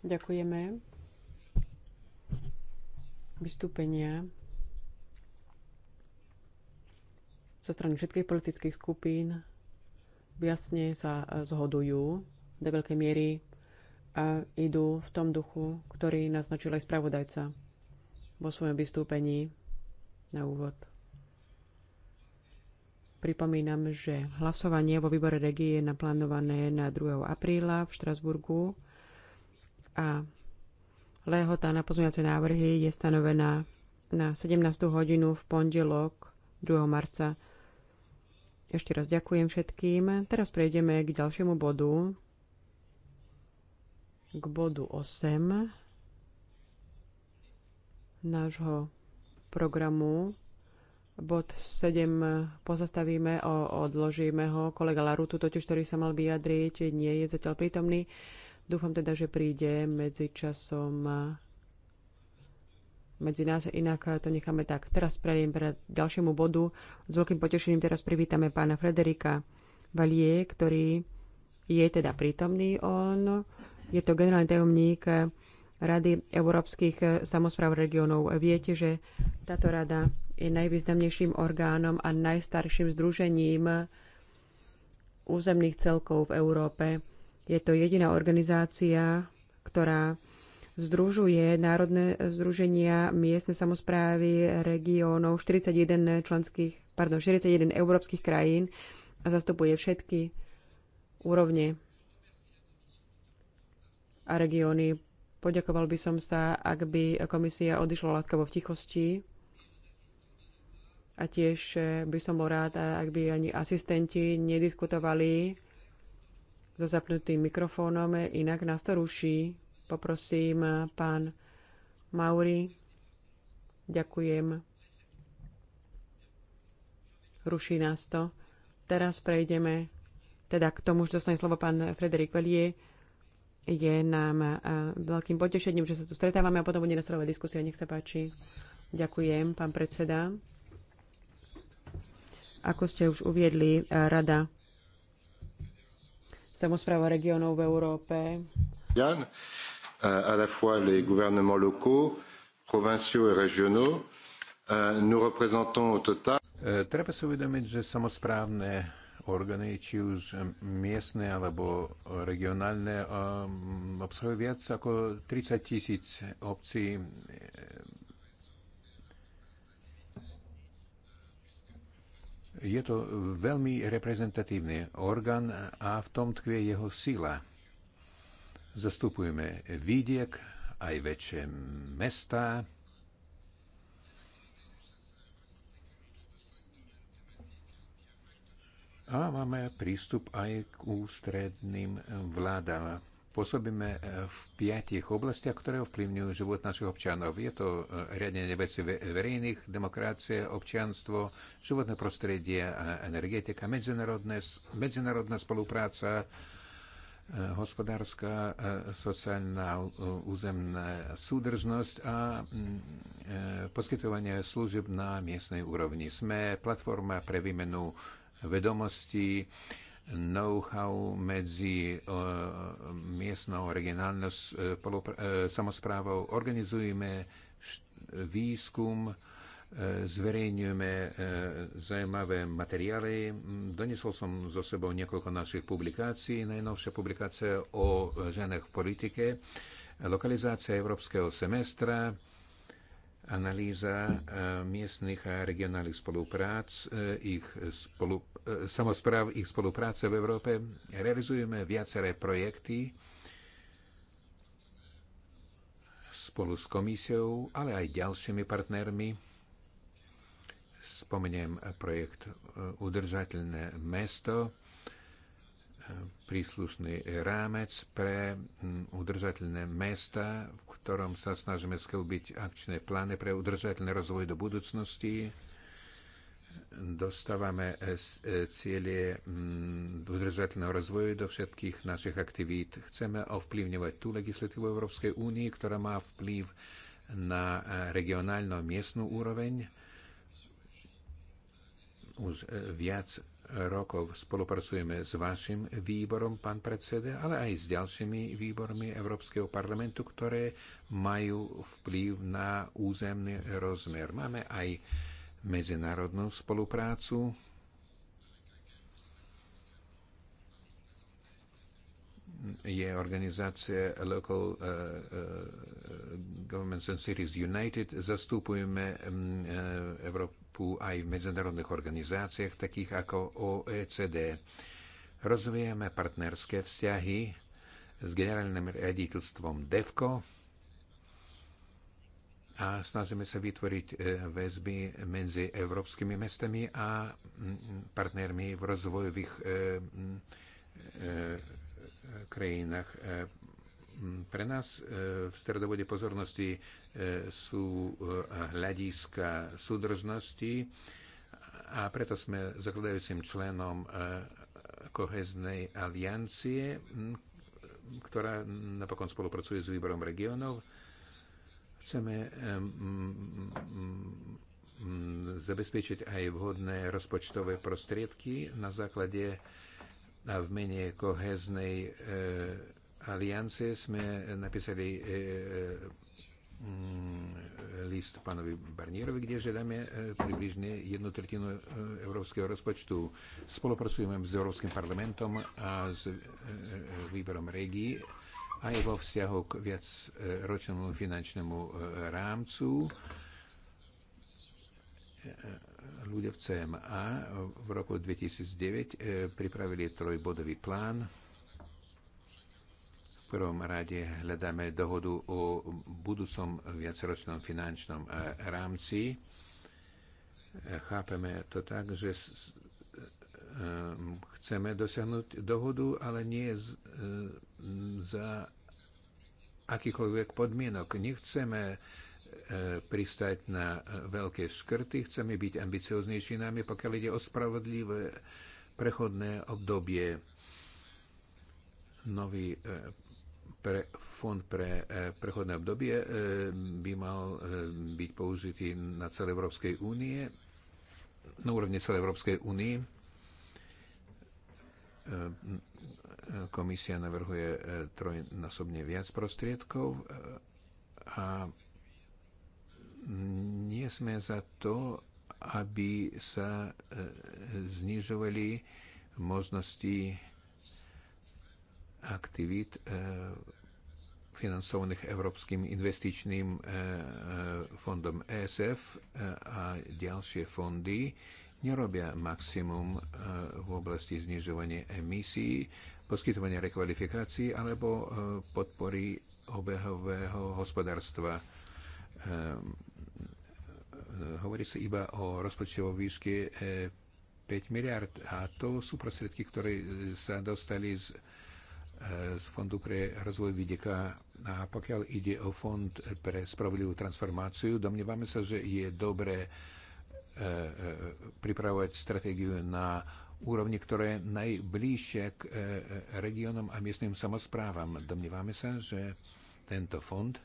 Ďakujeme. Vystúpenia zo strany všetkých politických skupín jasne sa e, zhodujú do veľkej miery a idú v tom duchu, ktorý naznačil aj spravodajca vo svojom vystúpení na úvod. Pripomínam, že hlasovanie vo výbore regie je naplánované na 2. apríla v Štrasburgu a lehota na pozmeňovacie návrhy je stanovená na 17. hodinu v pondelok 2. marca. Ešte raz ďakujem všetkým. Teraz prejdeme k ďalšiemu bodu k bodu 8 nášho programu. Bod 7 pozastavíme, o, odložíme ho. Kolega Larutu, totiž ktorý sa mal vyjadriť, nie je zatiaľ prítomný. Dúfam teda, že príde medzi časom medzi nás, inak to necháme tak. Teraz prejdem pre ďalšiemu bodu. S veľkým potešením teraz privítame pána Frederika Valie, ktorý je teda prítomný. On je to generálny tajomník eh, Rady európskych eh, samozpráv regiónov. Viete, že táto rada je najvýznamnejším orgánom a najstarším združením územných celkov v Európe. Je to jediná organizácia, ktorá združuje národné eh, združenia miestne samozprávy regiónov 41 členských, pardon, 41 európskych krajín a zastupuje všetky úrovne a regióny. Poďakoval by som sa, ak by komisia odišla látkavo v tichosti. A tiež eh, by som bol rád, ak by ani asistenti nediskutovali so zapnutým mikrofónom, eh, inak nás to ruší. Poprosím eh, pán Mauri. Ďakujem. Ruší nás to. Teraz prejdeme teda k tomu, že dostane slovo pán Frederik Velie je nám e, veľkým potešením, že sa tu stretávame a potom bude nasledovať diskusia. Nech sa páči. Ďakujem, pán predseda. Ako ste už uviedli, e, Rada samozpráva regionov v Európe. Jan, e, à la fois les gouvernements locaux, provinciaux et régionaux, nous représentons au total Treba si uvedomiť, že samozprávne orgány, či už miestne alebo regionálne, obsahujú viac ako 30 tisíc obcí. Je to veľmi reprezentatívny orgán a v tom tkvie jeho sila. Zastupujeme vidiek, aj väčšie mesta, A máme prístup aj k ústredným vládam. Pôsobíme eh, v piatich oblastiach, ktoré ovplyvňujú život našich občanov. Je to eh, riadenie veci verejných, demokracie, občianstvo, životné prostredie a energetika, medzinárodná spolupráca, eh, hospodárska, sociálna, územná súdržnosť a mm, poskytovanie služieb na miestnej úrovni. Sme platforma pre výmenu vedomostí, know-how medzi miestnou regionálnou e, e, samozprávou. Organizujeme výskum, e, zverejňujeme zaujímavé materiály. Donesol som zo sebou niekoľko našich publikácií. Najnovšia publikácia o ženách v politike, lokalizácia európskeho semestra, analýza e, miestnych a regionálnych spoluprác, e, ich spolu, e, samozpráv, ich spolupráce v Európe. Realizujeme viaceré projekty spolu s komisiou, ale aj ďalšími partnermi. Spomeniem projekt Udržateľné mesto, príslušný rámec pre mm, udržateľné mesta, v ktorom sa snažíme sklbiť akčné plány pre udržateľný rozvoj do budúcnosti. Dostávame e, cieľe mm, udržateľného rozvoju do všetkých našich aktivít. Chceme ovplyvňovať tú legislatívu Európskej únie, ktorá má vplyv na e, regionálno miestnú úroveň. Už e, viac rokov spolupracujeme s vašim výborom, pán predseda, ale aj s ďalšími výbormi Európskeho parlamentu, ktoré majú vplyv na územný rozmer. Máme aj medzinárodnú spoluprácu. Je organizácia Local uh, uh, Governments and Cities United. Zastupujeme uh, Európ- prístupu aj v medzinárodných organizáciách, takých ako OECD. Rozvíjame partnerské vzťahy s generálnym riaditeľstvom DEVCO a snažíme sa vytvoriť e, väzby medzi európskymi mestami a partnermi v rozvojových e, e, krajinách Mm, pre nás e, v stredovode pozornosti e, sú e, hľadiska súdržnosti a preto sme zakladajúcim členom koheznej aliancie, ktorá napokon spolupracuje s výborom regionov. Chceme zabezpečiť aj vhodné rozpočtové prostriedky na základe a v mene koheznej aliancie sme napísali e, e, mm, list pánovi Barnierovi, kde žiadame e, približne jednu tretinu európskeho rozpočtu. Spolupracujeme s Európskym parlamentom a s výberom regií aj vo vzťahu k viacročnému finančnému rámcu ľudia v CMA v roku 2009 pripravili trojbodový plán prvom rade hľadáme dohodu o budúcom viacročnom finančnom e, rámci. Chápeme to tak, že e, chceme dosiahnuť dohodu, ale nie e, za akýchkoľvek podmienok. Nechceme pristať na veľké škrty, chceme byť ambicioznejší námi, pokiaľ ide o spravodlivé prechodné obdobie. Nový pre fond pre e, prechodné obdobie e, by mal e, byť použitý na celé Európskej únie, na úrovni celej Európskej únie. Komisia navrhuje trojnásobne viac prostriedkov a nie sme za to, aby sa znižovali možnosti aktivít e, financovaných Európskym investičným e, e, fondom ESF a ďalšie fondy nerobia maximum v oblasti znižovania emisí, poskytovania rekvalifikácií alebo podpory obehového hospodárstva. Hovorí sa iba o rozpočtovej výške 5 miliard a to sú prostriedky, ktoré sa dostali z z Fondu pre rozvoj vidieka. A pokiaľ ide o Fond pre spravodlivú transformáciu, domnievame sa, že je dobré e, e, pripravovať stratégiu na úrovni, ktoré je najbližšie k e, regiónom a miestnym samozprávam. Domnievame sa, že tento fond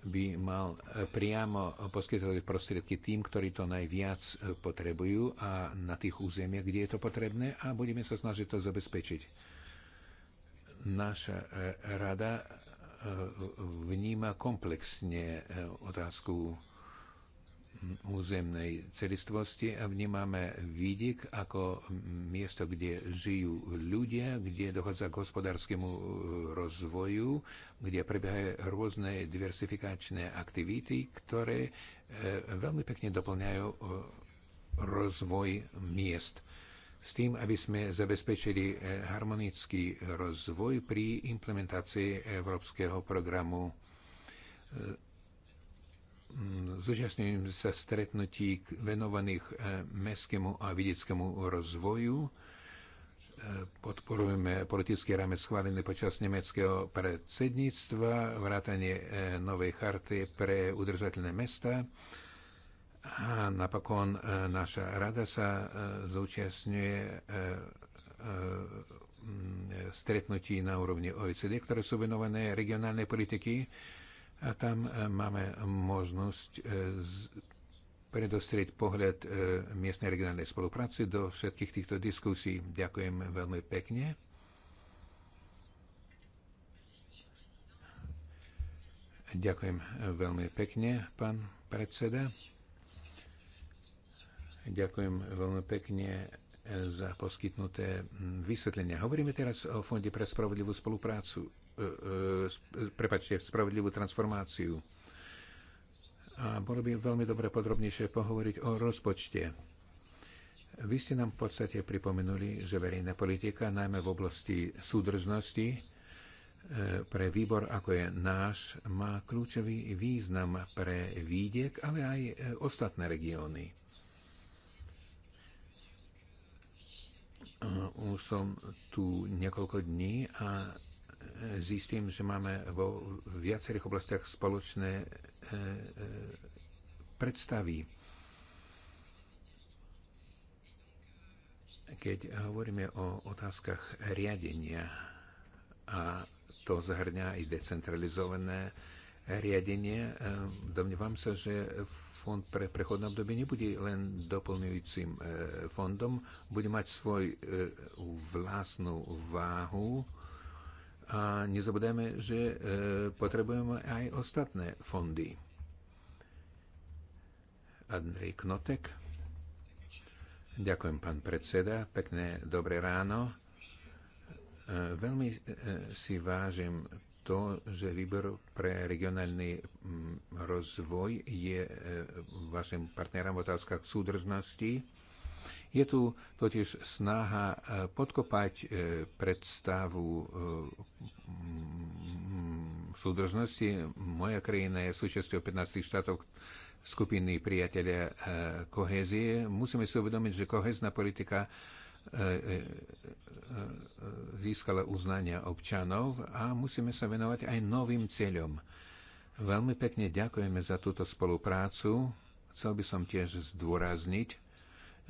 by mal priamo poskytovať prostriedky tým, ktorí to najviac potrebujú a na tých územiach, kde je to potrebné a budeme sa snažiť to zabezpečiť. Naša eh, rada eh, vníma komplexne eh, otázku územnej celistvosti a vnímame Vidik ako miesto, kde žijú ľudia, kde dochádza k hospodárskému rozvoju, kde prebiehajú rôzne diversifikačné aktivity, ktoré veľmi pekne doplňajú rozvoj miest s tým, aby sme zabezpečili eh, harmonický rozvoj pri implementácii Európskeho programu. Eh, zúčastňujem sa stretnutí venovaných eh, mestskému a vidieckému rozvoju. Podporujeme politický rámec schválený počas nemeckého predsedníctva, vrátanie novej charty pre udržateľné mesta. A napokon e, naša rada sa e, zúčastňuje e, stretnutí na úrovni OECD, ktoré sú venované regionálnej politiky. A tam máme možnosť predostrieť pohľad miestnej regionálnej spolupráce do všetkých týchto diskusí. Ďakujem veľmi pekne. Ďakujem veľmi pekne, pán predseda. Ďakujem veľmi pekne eh, za poskytnuté mm, vysvetlenia. Hovoríme teraz o Fonde pre spravodlivú spoluprácu, eh, eh, prepačte, spravodlivú transformáciu. A bolo by veľmi dobre podrobnejšie pohovoriť o rozpočte. Vy ste nám v podstate pripomenuli, že verejná politika, najmä v oblasti súdržnosti, pre výbor ako je náš, má kľúčový význam pre výdek, ale aj ostatné regióny. Už som tu niekoľko dní a zistím, že máme vo viacerých oblastiach spoločné e, e, predstavy. Keď hovoríme o otázkach riadenia, a to zahrňa i decentralizované riadenie, e, domnívam sa, že v fond pre prechodné obdobie nebude len doplňujúcim e, fondom, bude mať svoj e, vlastnú váhu a nezabudajme, že e, potrebujeme aj ostatné fondy. Andrej Knotek. Ďakujem, pán predseda. Pekné, dobré ráno. Veľmi si vážim to, že výbor pre regionálny mm, rozvoj je e, vašim partnerom v otázkach súdržnosti. Je tu totiž snaha e, podkopať e, predstavu mm, súdržnosti. Moja krajina je súčasťou 15 štátov skupiny priateľia kohézie. Musíme si uvedomiť, že kohezná politika E, e, e, získala uznania občanov a musíme sa venovať aj novým cieľom. Veľmi pekne ďakujeme za túto spoluprácu. Chcel by som tiež zdôrazniť,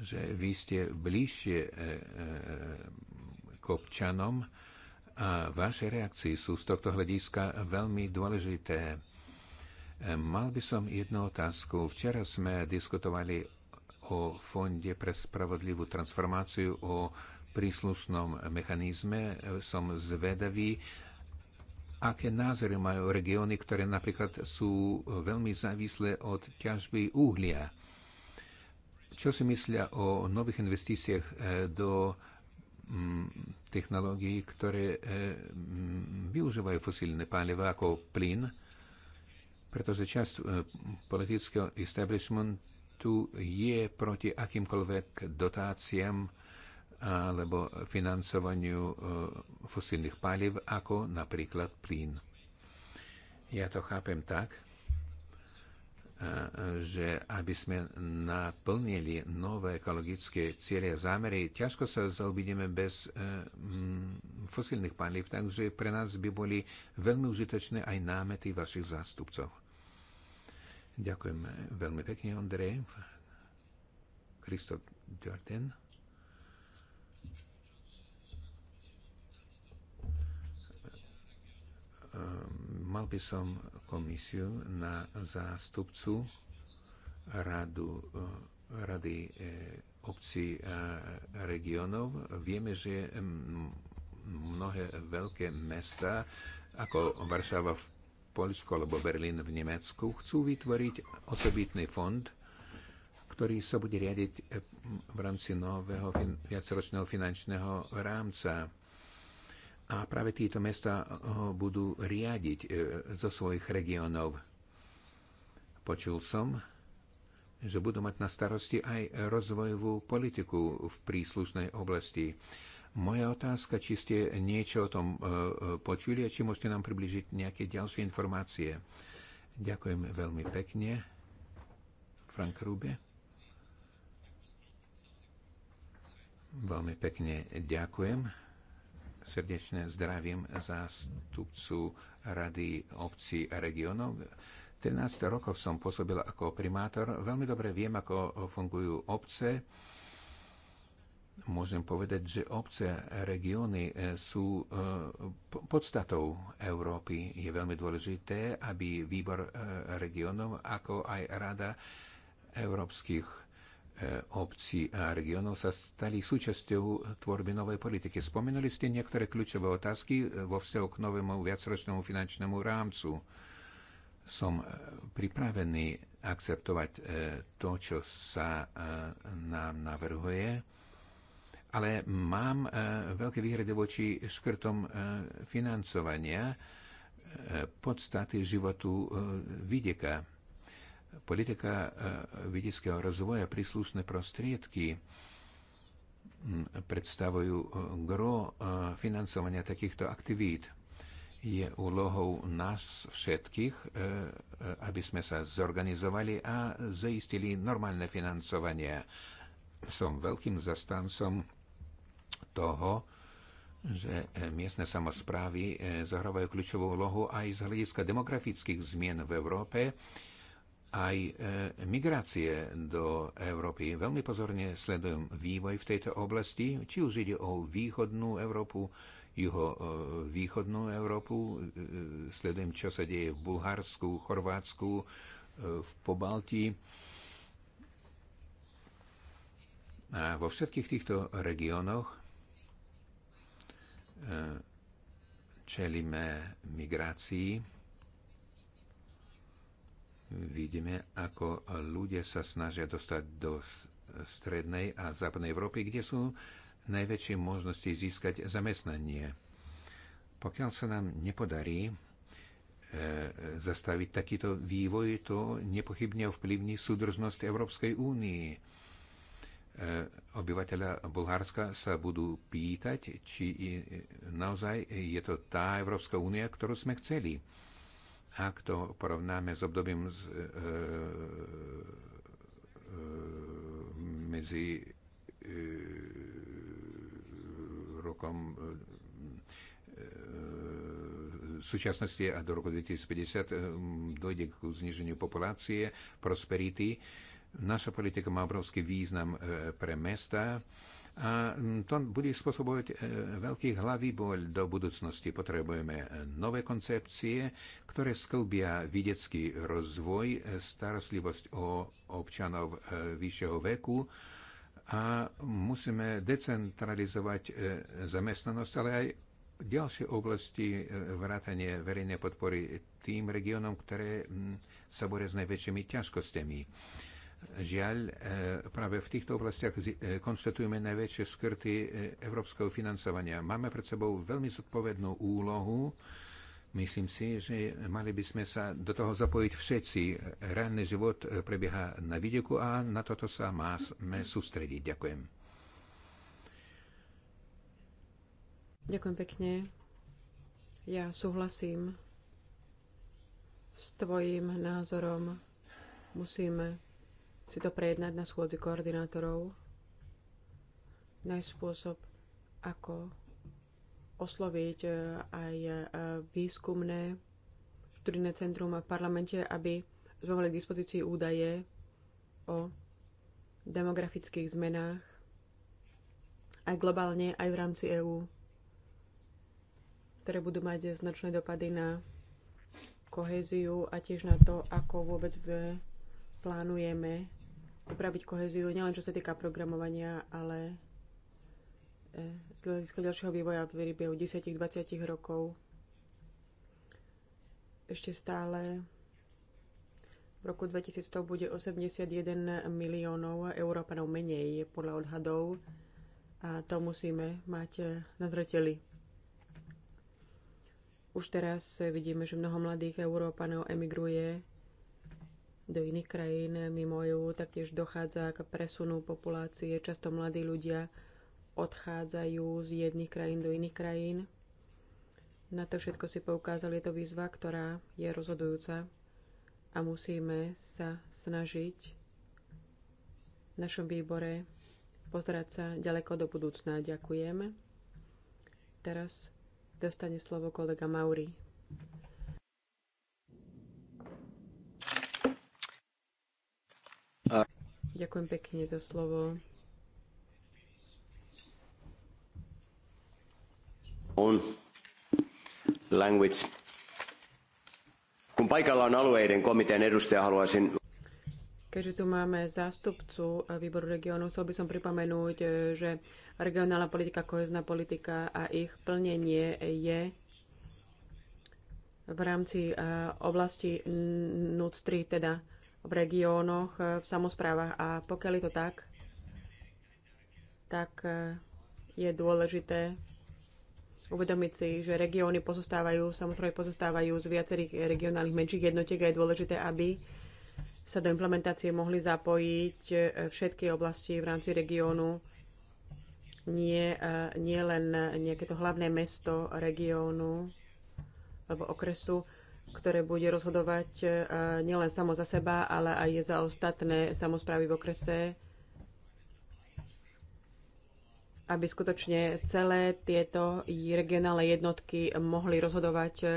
že vy ste bližšie k občanom a vaše reakcie sú z tohto hľadiska veľmi dôležité. Mal by som jednu otázku. Včera sme diskutovali o Fonde pre spravodlivú transformáciu, o príslušnom mechanizme. Som zvedavý, aké názory majú regióny, ktoré napríklad sú veľmi závislé od ťažby uhlia. Čo si myslia o nových investíciách e, do mm, technológií, ktoré e, mm, využívajú fosílne paliva ako plyn, pretože časť e, politického establishment tu je proti akýmkoľvek dotáciám alebo financovaniu e, fosílnych paliv ako napríklad plyn. Ja to chápem tak, e, že aby sme naplnili nové ekologické cieľe a zámery, ťažko sa zaobídeme bez e, fosílnych paliv, takže pre nás by boli veľmi užitočné aj námety vašich zástupcov. Ďakujem veľmi pekne, Andrej. Kristof Jordan. Ehm, mal by som komisiu na zástupcu radu, eh, rady eh, obcí a regionov. Vieme, že mm, mnohé veľké mesta ako Varšava v Polsku alebo Berlín v Nemecku, chcú vytvoriť osobitný fond, ktorý sa bude riadiť e, v rámci nového fin- viacročného finančného rámca. A práve títo mesta ho budú riadiť e, zo svojich regiónov. Počul som, že budú mať na starosti aj rozvojovú politiku v príslušnej oblasti. Moja otázka, či ste niečo o tom e, e, počuli a či môžete nám približiť nejaké ďalšie informácie. Ďakujem veľmi pekne. Frank Rube. Veľmi pekne ďakujem. Srdečne zdravím zástupcu Rady obcí a regionov. 13 rokov som pôsobil ako primátor. Veľmi dobre viem, ako fungujú obce môžem povedať, že obce a regióny e, sú e, podstatou Európy. Je veľmi dôležité, aby výbor e, regiónov, ako aj Rada európskych obcí a regiónov sa stali súčasťou tvorby novej politiky. Spomenuli ste niektoré kľúčové otázky vo vzťahu k novému viacročnému finančnému rámcu. Som pripravený akceptovať to, čo sa nám navrhuje ale mám e, veľké výhrady voči škrtom e, financovania e, podstaty životu vidieka. Politika vidieckého rozvoja, príslušné prostriedky predstavujú gro financovania takýchto aktivít. Je úlohou nás všetkých, aby sme sa zorganizovali a zaistili normálne financovanie. Som veľkým zastancom toho, že e, miestne samozprávy e, zohrávajú kľúčovú úlohu aj z hľadiska demografických zmien v Európe, aj e, migrácie do Európy. Veľmi pozorne sledujem vývoj v tejto oblasti, či už ide o východnú Európu, juho-východnú Európu, sledujem, čo sa deje v Bulharsku, Chorvátsku, v Pobaltii. A vo všetkých týchto regiónoch čelíme migrácii. Vidíme, ako ľudia sa snažia dostať do strednej a západnej Európy, kde sú najväčšie možnosti získať zamestnanie. Pokiaľ sa nám nepodarí e, zastaviť takýto vývoj, to nepochybne ovplyvní súdržnosť Európskej únii. E, obyvateľa Bulharska sa budú pýtať, či naozaj je to tá Európska únia, ktorú sme chceli. Ak to porovnáme s obdobím z, e, e, medzi e, rokom e, e súčasnosti a do roku 2050 e, dojde k zniženiu populácie, prosperity Naša politika má obrovský význam e, pre mesta a to bude spôsobovať e, veľký hlavý boľ do budúcnosti. Potrebujeme e, nové koncepcie, ktoré sklbia vidiecký rozvoj, starostlivosť o občanov vyššieho veku a musíme decentralizovať zamestnanosť, ale aj ďalšie oblasti vrátanie verejnej podpory tým regiónom, ktoré sa boria s najväčšími ťažkosťami. Žiaľ, e, práve v týchto oblastiach e, konštatujeme najväčšie skrty e, európskeho financovania. Máme pred sebou veľmi zodpovednú úlohu. Myslím si, že mali by sme sa do toho zapojiť všetci. Reálny život prebieha na videku a na toto sa máme sústrediť. Ďakujem. Ďakujem pekne. Ja súhlasím s tvojim názorom. Musíme si to prejednať na schôdzi koordinátorov. Nájsť spôsob, ako osloviť e, aj e, výskumné študijné centrum v parlamente, aby sme mali k dispozícii údaje o demografických zmenách aj globálne, aj v rámci EÚ, ktoré budú mať značné dopady na kohéziu a tiež na to, ako vôbec v, plánujeme upraviť koheziu nielen čo sa týka programovania, ale e, z hľadiska ďalšieho vývoja v priebehu 10-20 rokov ešte stále v roku 2100 bude 81 miliónov Európanov menej podľa odhadov a to musíme mať e, na zreteli. Už teraz vidíme, že mnoho mladých Európanov emigruje do iných krajín mimo EU, taktiež dochádza k presunu populácie. Často mladí ľudia odchádzajú z jedných krajín do iných krajín. Na to všetko si poukázali, je to výzva, ktorá je rozhodujúca a musíme sa snažiť v našom výbore pozerať sa ďaleko do budúcna. Ďakujem. Teraz dostane slovo kolega Mauri. Ďakujem pekne za slovo. On language. Kun paikalla on alueiden komitean edustaja, haluaisin... Keďže tu máme zástupcu výboru regionu chcel by som pripomenúť, že regionálna politika, kohezná politika a ich plnenie je v rámci eh, oblasti NUC 3, teda v regiónoch, eh, v samozprávach. A pokiaľ je to tak, tak eh, je dôležité uvedomiť si, že regióny pozostávajú, samozrejme pozostávajú z viacerých regionálnych menších jednotiek a je dôležité, aby sa do implementácie mohli zapojiť eh, všetky oblasti v rámci regiónu, nie, nie len nejaké to hlavné mesto regiónu alebo okresu ktoré bude rozhodovať e, nielen samo za seba, ale aj za ostatné samozprávy v okrese, aby skutočne celé tieto regionálne jednotky mohli rozhodovať, e,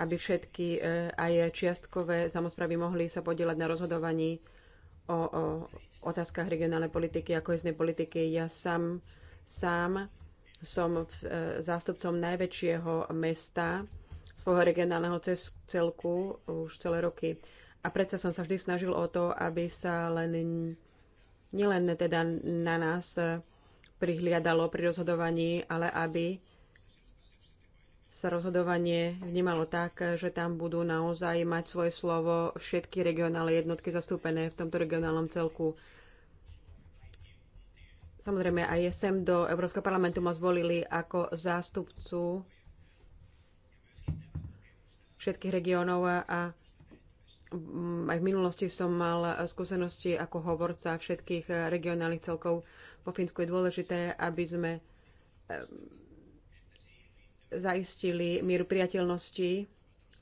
aby všetky e, aj čiastkové samozprávy mohli sa podielať na rozhodovaní o, o otázkach regionálnej politiky a koheznej politiky. Ja sám, sám som v, zástupcom najväčšieho mesta, svojho regionálneho celku už celé roky. A predsa som sa vždy snažil o to, aby sa len nielen teda na nás prihliadalo pri rozhodovaní, ale aby sa rozhodovanie vnímalo tak, že tam budú naozaj mať svoje slovo všetky regionálne jednotky zastúpené v tomto regionálnom celku. Samozrejme, aj sem do Európskeho parlamentu ma zvolili ako zástupcu všetkých regiónov a aj v minulosti som mal skúsenosti ako hovorca všetkých regionálnych celkov. Po Fínsku je dôležité, aby sme zaistili mieru priateľnosti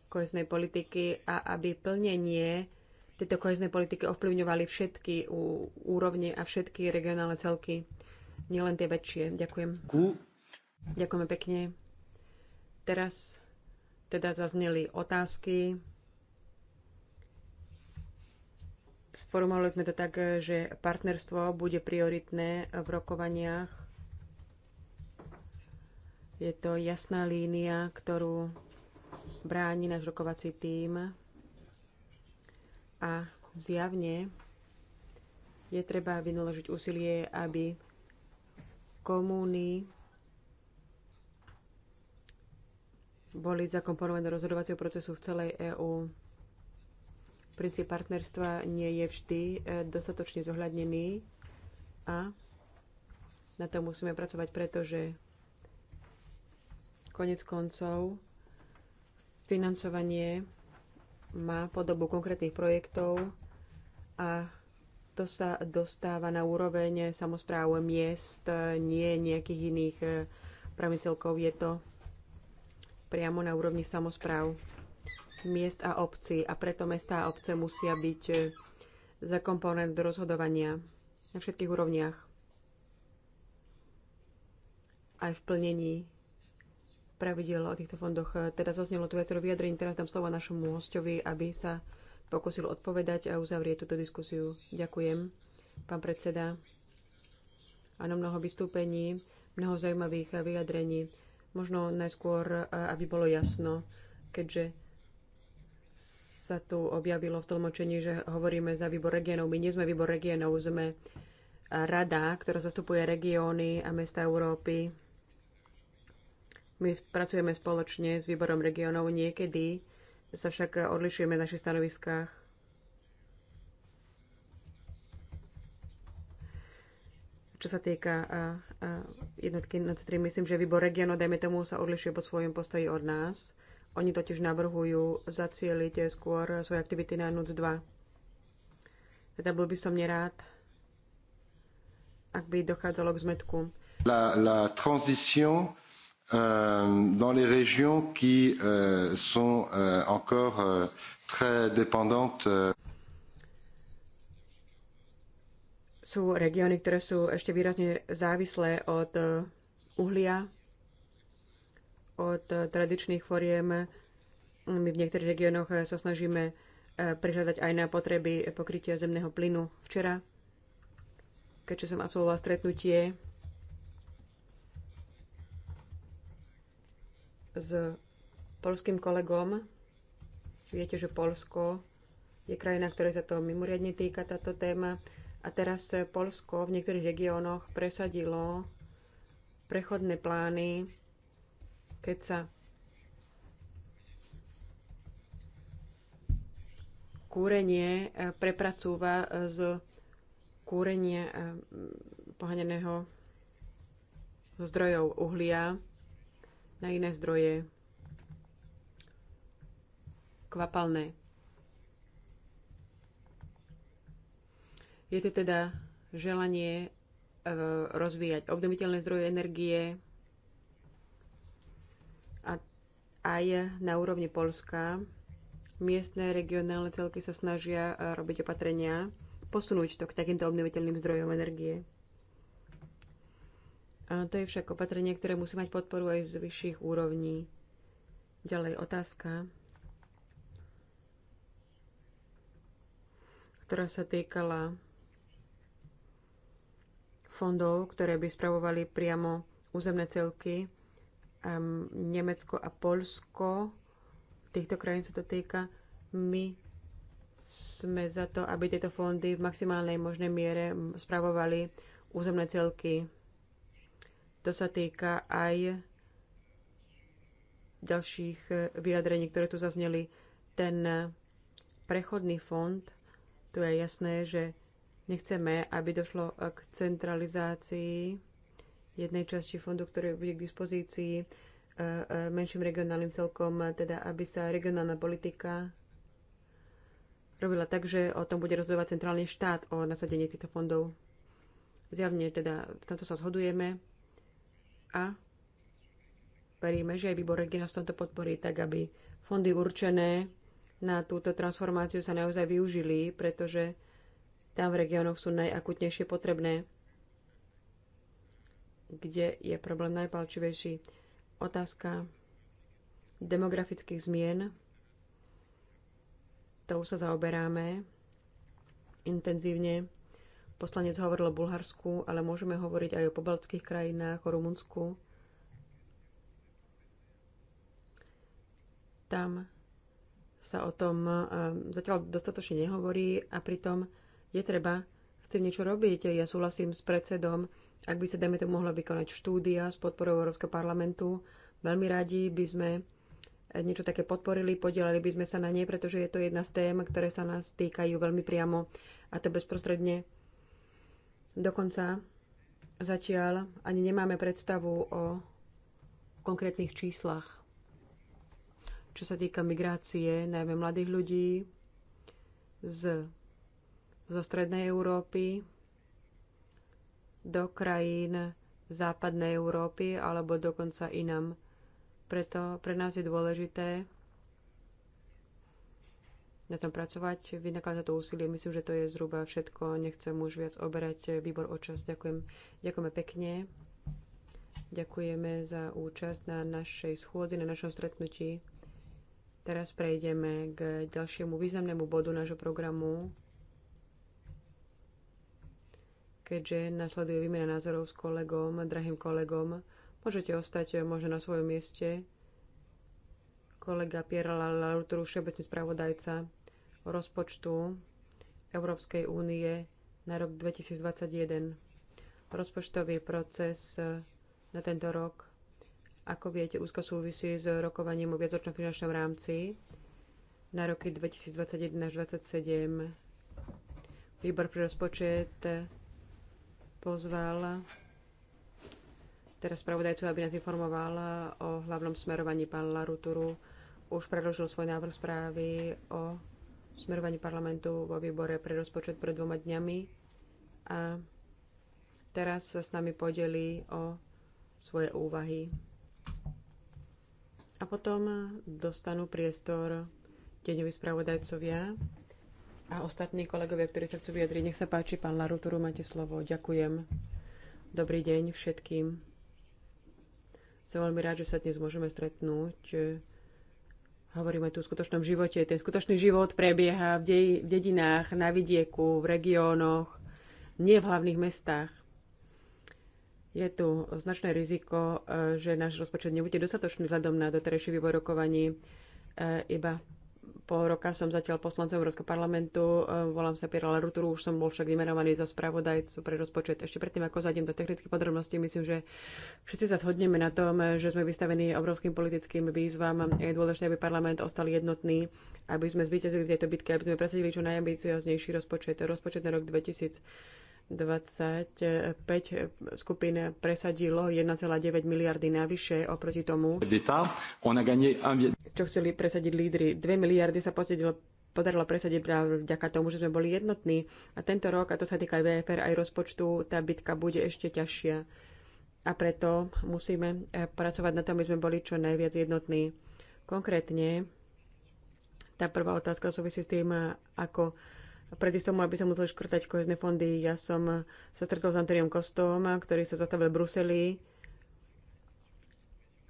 koheznej politiky a aby plnenie tejto koheznej politiky ovplyvňovali všetky úrovne a všetky regionálne celky, nielen tie väčšie. Ďakujem. Ďakujeme pekne. Teraz teda zazneli otázky. Sformulovali sme to tak, že partnerstvo bude prioritné v rokovaniach. Je to jasná línia, ktorú bráni náš rokovací tím a zjavne je treba vynaložiť úsilie, aby komúny boli zakomponované do rozhodovacieho procesu v celej EÚ. Princíp partnerstva nie je vždy e, dostatočne zohľadnený a na to musíme pracovať, pretože konec koncov financovanie má podobu konkrétnych projektov a to sa dostáva na úroveň samozpráv miest, e, nie nejakých iných e, právnych celkov. Je to priamo na úrovni samozpráv miest a obcí a preto mestá a obce musia byť e, za komponent do rozhodovania na všetkých úrovniach. Aj v plnení pravidel o týchto fondoch. E, teda zaznelo tu viacero vyjadrení. Teraz dám slovo našemu hostovi, aby sa pokusil odpovedať a uzavrieť túto diskusiu. Ďakujem, pán predseda. Áno, mnoho vystúpení, mnoho zaujímavých e, vyjadrení. Možno najskôr, e, aby bolo jasno, keďže sa tu objavilo v tlmočení, že hovoríme za výbor regiónov. My nie sme výbor regiónov, sme rada, ktorá zastupuje regióny a mesta Európy. My pracujeme spoločne s výborom regiónov. Niekedy sa však odlišujeme v našich stanoviskách. Čo sa týka jednotky Nord Stream, myslím, že výbor regionu, dajme tomu, sa odlišuje pod svojom postoji od nás. Oni totiž navrhujú zacieliť skôr svoje aktivity na NUC 2. Teda bol by som nerád, ak by dochádzalo k zmetku. La, la transition euh, dans les régions qui euh, sont euh, encore euh, très dépendantes. Euh... sú regióny, ktoré sú ešte výrazne závislé od e, uhlia, od e, tradičných foriem. My v niektorých regiónoch e, sa snažíme prihľadať aj na potreby pokrytia zemného plynu. Včera, keďže som absolvovala stretnutie s polským kolegom, viete, že Polsko je krajina, ktorá sa to mimoriadne týka táto téma. A teraz eh, Polsko v niektorých regiónoch presadilo prechodné plány, keď sa kúrenie eh, prepracúva eh, z kúrenia pohaneného zdrojov uhlia na iné zdroje kvapalné. Je tu teda želanie e, rozvíjať obnoviteľné zdroje energie a aj na úrovni Polska. Miestne regionálne celky sa snažia e, robiť opatrenia, posunúť to k takýmto obnoviteľným zdrojom energie. A to je však opatrenie, ktoré musí mať podporu aj z vyšších úrovní. Ďalej otázka, ktorá sa týkala fondov, ktoré by spravovali priamo územné celky. Um, Nemecko a Polsko, týchto krajín sa to týka, my sme za to, aby tieto fondy v maximálnej možnej miere spravovali územné celky. To sa týka aj ďalších eh, vyjadrení, ktoré tu zazneli. Ten eh, prechodný fond, tu je jasné, že Nechceme, aby došlo e, k centralizácii jednej časti fondu, ktorý bude k dispozícii e, e, menším regionálnym celkom, teda aby sa regionálna politika robila tak, že o tom bude rozhodovať centrálny štát o nasadení týchto fondov. Zjavne teda v tomto sa zhodujeme a veríme, že aj výbor regiona v tomto podporí tak, aby fondy určené na túto transformáciu sa naozaj využili, pretože tam v regiónoch sú najakutnejšie potrebné, kde je problém najpalčivejší. Otázka demografických zmien, tou sa zaoberáme intenzívne. Poslanec hovoril o Bulharsku, ale môžeme hovoriť aj o pobaltských krajinách, o Rumunsku. Tam sa o tom ehm, zatiaľ dostatočne nehovorí a pritom je treba s tým niečo robiť. Ja súhlasím s predsedom, ak by sa, dajme tomu, mohla vykonať štúdia s podporou Európskeho parlamentu. Veľmi radi by sme niečo také podporili, podielali by sme sa na nej, pretože je to jedna z tém, ktoré sa nás týkajú veľmi priamo a to bezprostredne. Dokonca zatiaľ ani nemáme predstavu o konkrétnych číslach, čo sa týka migrácie, najmä mladých ľudí z zo strednej Európy do krajín západnej Európy alebo dokonca inam. Preto pre nás je dôležité na tom pracovať, vynakladať to úsilie. Myslím, že to je zhruba všetko. Nechcem už viac oberať výbor o čas. Ďakujem. Ďakujeme pekne. Ďakujeme za účasť na našej schôdzi, na našom stretnutí. Teraz prejdeme k ďalšiemu významnému bodu nášho programu keďže nasleduje výmena názorov s kolegom, drahým kolegom. Môžete ostať eh, možno na svojom mieste. Kolega Pierre Lautru, všeobecný spravodajca o rozpočtu Európskej únie na rok 2021. Rozpočtový proces eh, na tento rok, ako viete, úzko súvisí s rokovaním o viacročnom finančnom rámci na roky 2021 až 2027. Výbor pre rozpočet pozval teraz spravodajcu, aby nás informovala o hlavnom smerovaní pán Laruturu. Už predložil svoj návrh správy o smerovaní parlamentu vo výbore pre rozpočet pred dvoma dňami a teraz sa s nami podelí o svoje úvahy. A potom dostanú priestor deňoví spravodajcovia. A ostatní kolegovia, ktorí sa chcú vyjadriť, nech sa páči, pán Laruturu, máte slovo. Ďakujem. Dobrý deň všetkým. Som veľmi rád, že sa dnes môžeme stretnúť. Hovoríme tu o skutočnom živote. Ten skutočný život prebieha v, dej, v dedinách, na vidieku, v regiónoch, nie v hlavných mestách. Je tu značné riziko, eh, že náš rozpočet nebude dostatočný vzhľadom na doterajší vývoj rokovaní. Eh, iba pol roka som zatiaľ poslancom Európskeho parlamentu, e, volám sa Pierre Ruturu, už som bol však vymenovaný za spravodajcu pre rozpočet. Ešte predtým, ako zajdem do technických podrobností, myslím, že všetci sa shodneme na tom, že sme vystavení obrovským politickým výzvam. Je dôležité, aby parlament ostal jednotný, aby sme zvíťazili v tejto bitke, aby sme presadili čo najambicioznejší rozpočet. Rozpočet na rok 2000 25 skupín presadilo 1,9 miliardy navyše oproti tomu, čo chceli presadiť lídry. 2 miliardy sa posadilo podarilo presadiť práve vďaka tomu, že sme boli jednotní. A tento rok, a to sa týka aj VFR, aj rozpočtu, tá bitka bude ešte ťažšia. A preto musíme eh, pracovať na tom, aby sme boli čo najviac jednotní. Konkrétne, tá prvá otázka súvisí s tým, eh, ako pred tomu, aby sa museli škrtať kohezné fondy, ja som sa stretol s Anteriom Kostom, ktorý sa zastavil v Bruseli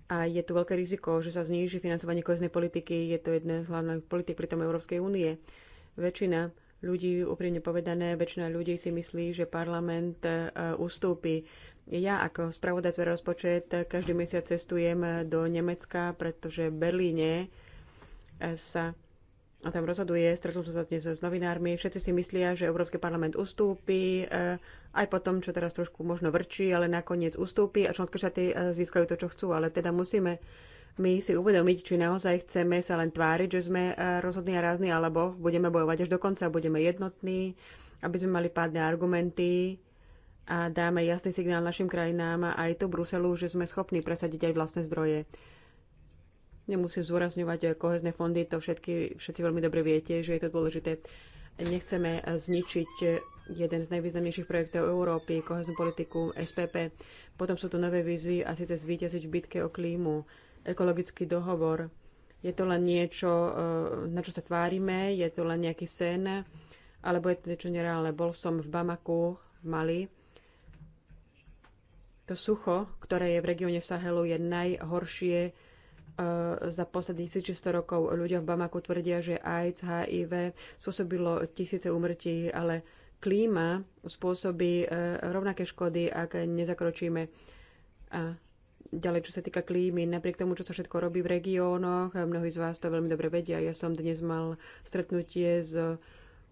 a je tu veľké riziko, že sa zníži financovanie koheznej politiky. Je to jedna z hlavných politik pritom Európskej únie. Väčšina ľudí, úprimne povedané, väčšina ľudí si myslí, že parlament e, ustúpi. Ja ako spravodajca rozpočet každý mesiac cestujem do Nemecka, pretože v Berlíne e, sa a tam rozhoduje. Stretol som sa dnes s novinármi. Všetci si myslia, že Európsky parlament ustúpi, eh, aj po tom, čo teraz trošku možno vrčí, ale nakoniec ustúpi a členské štáty eh, získajú to, čo chcú. Ale teda musíme my si uvedomiť, či naozaj chceme sa len tváriť, že sme eh, rozhodní a rázni, alebo budeme bojovať až do konca, budeme jednotní, aby sme mali pádne argumenty a dáme jasný signál našim krajinám a aj tu Bruselu, že sme schopní presadiť aj vlastné zdroje. Nemusím zdôrazňovať eh, kohezné fondy, to všetky, všetci veľmi dobre viete, že je to dôležité. Nechceme eh, zničiť eh, jeden z najvýznamnejších projektov Európy, koheznú politiku, SPP. Potom sú tu nové výzvy a síce zvýťaziť v bitke o klímu, ekologický dohovor. Je to len niečo, na čo sa tvárime, je to len nejaký sen, alebo je to niečo nereálne. Bol som v Bamaku, v Mali, to sucho, ktoré je v regióne Sahelu, je najhoršie E, za posledných 1600 rokov ľudia v Bamaku tvrdia, že AIDS, HIV spôsobilo tisíce umrtí, ale klíma spôsobí e, rovnaké škody, ak nezakročíme. A ďalej, čo sa týka klímy, napriek tomu, čo sa všetko robí v regiónoch, mnohí z vás to veľmi dobre vedia, ja som dnes mal stretnutie s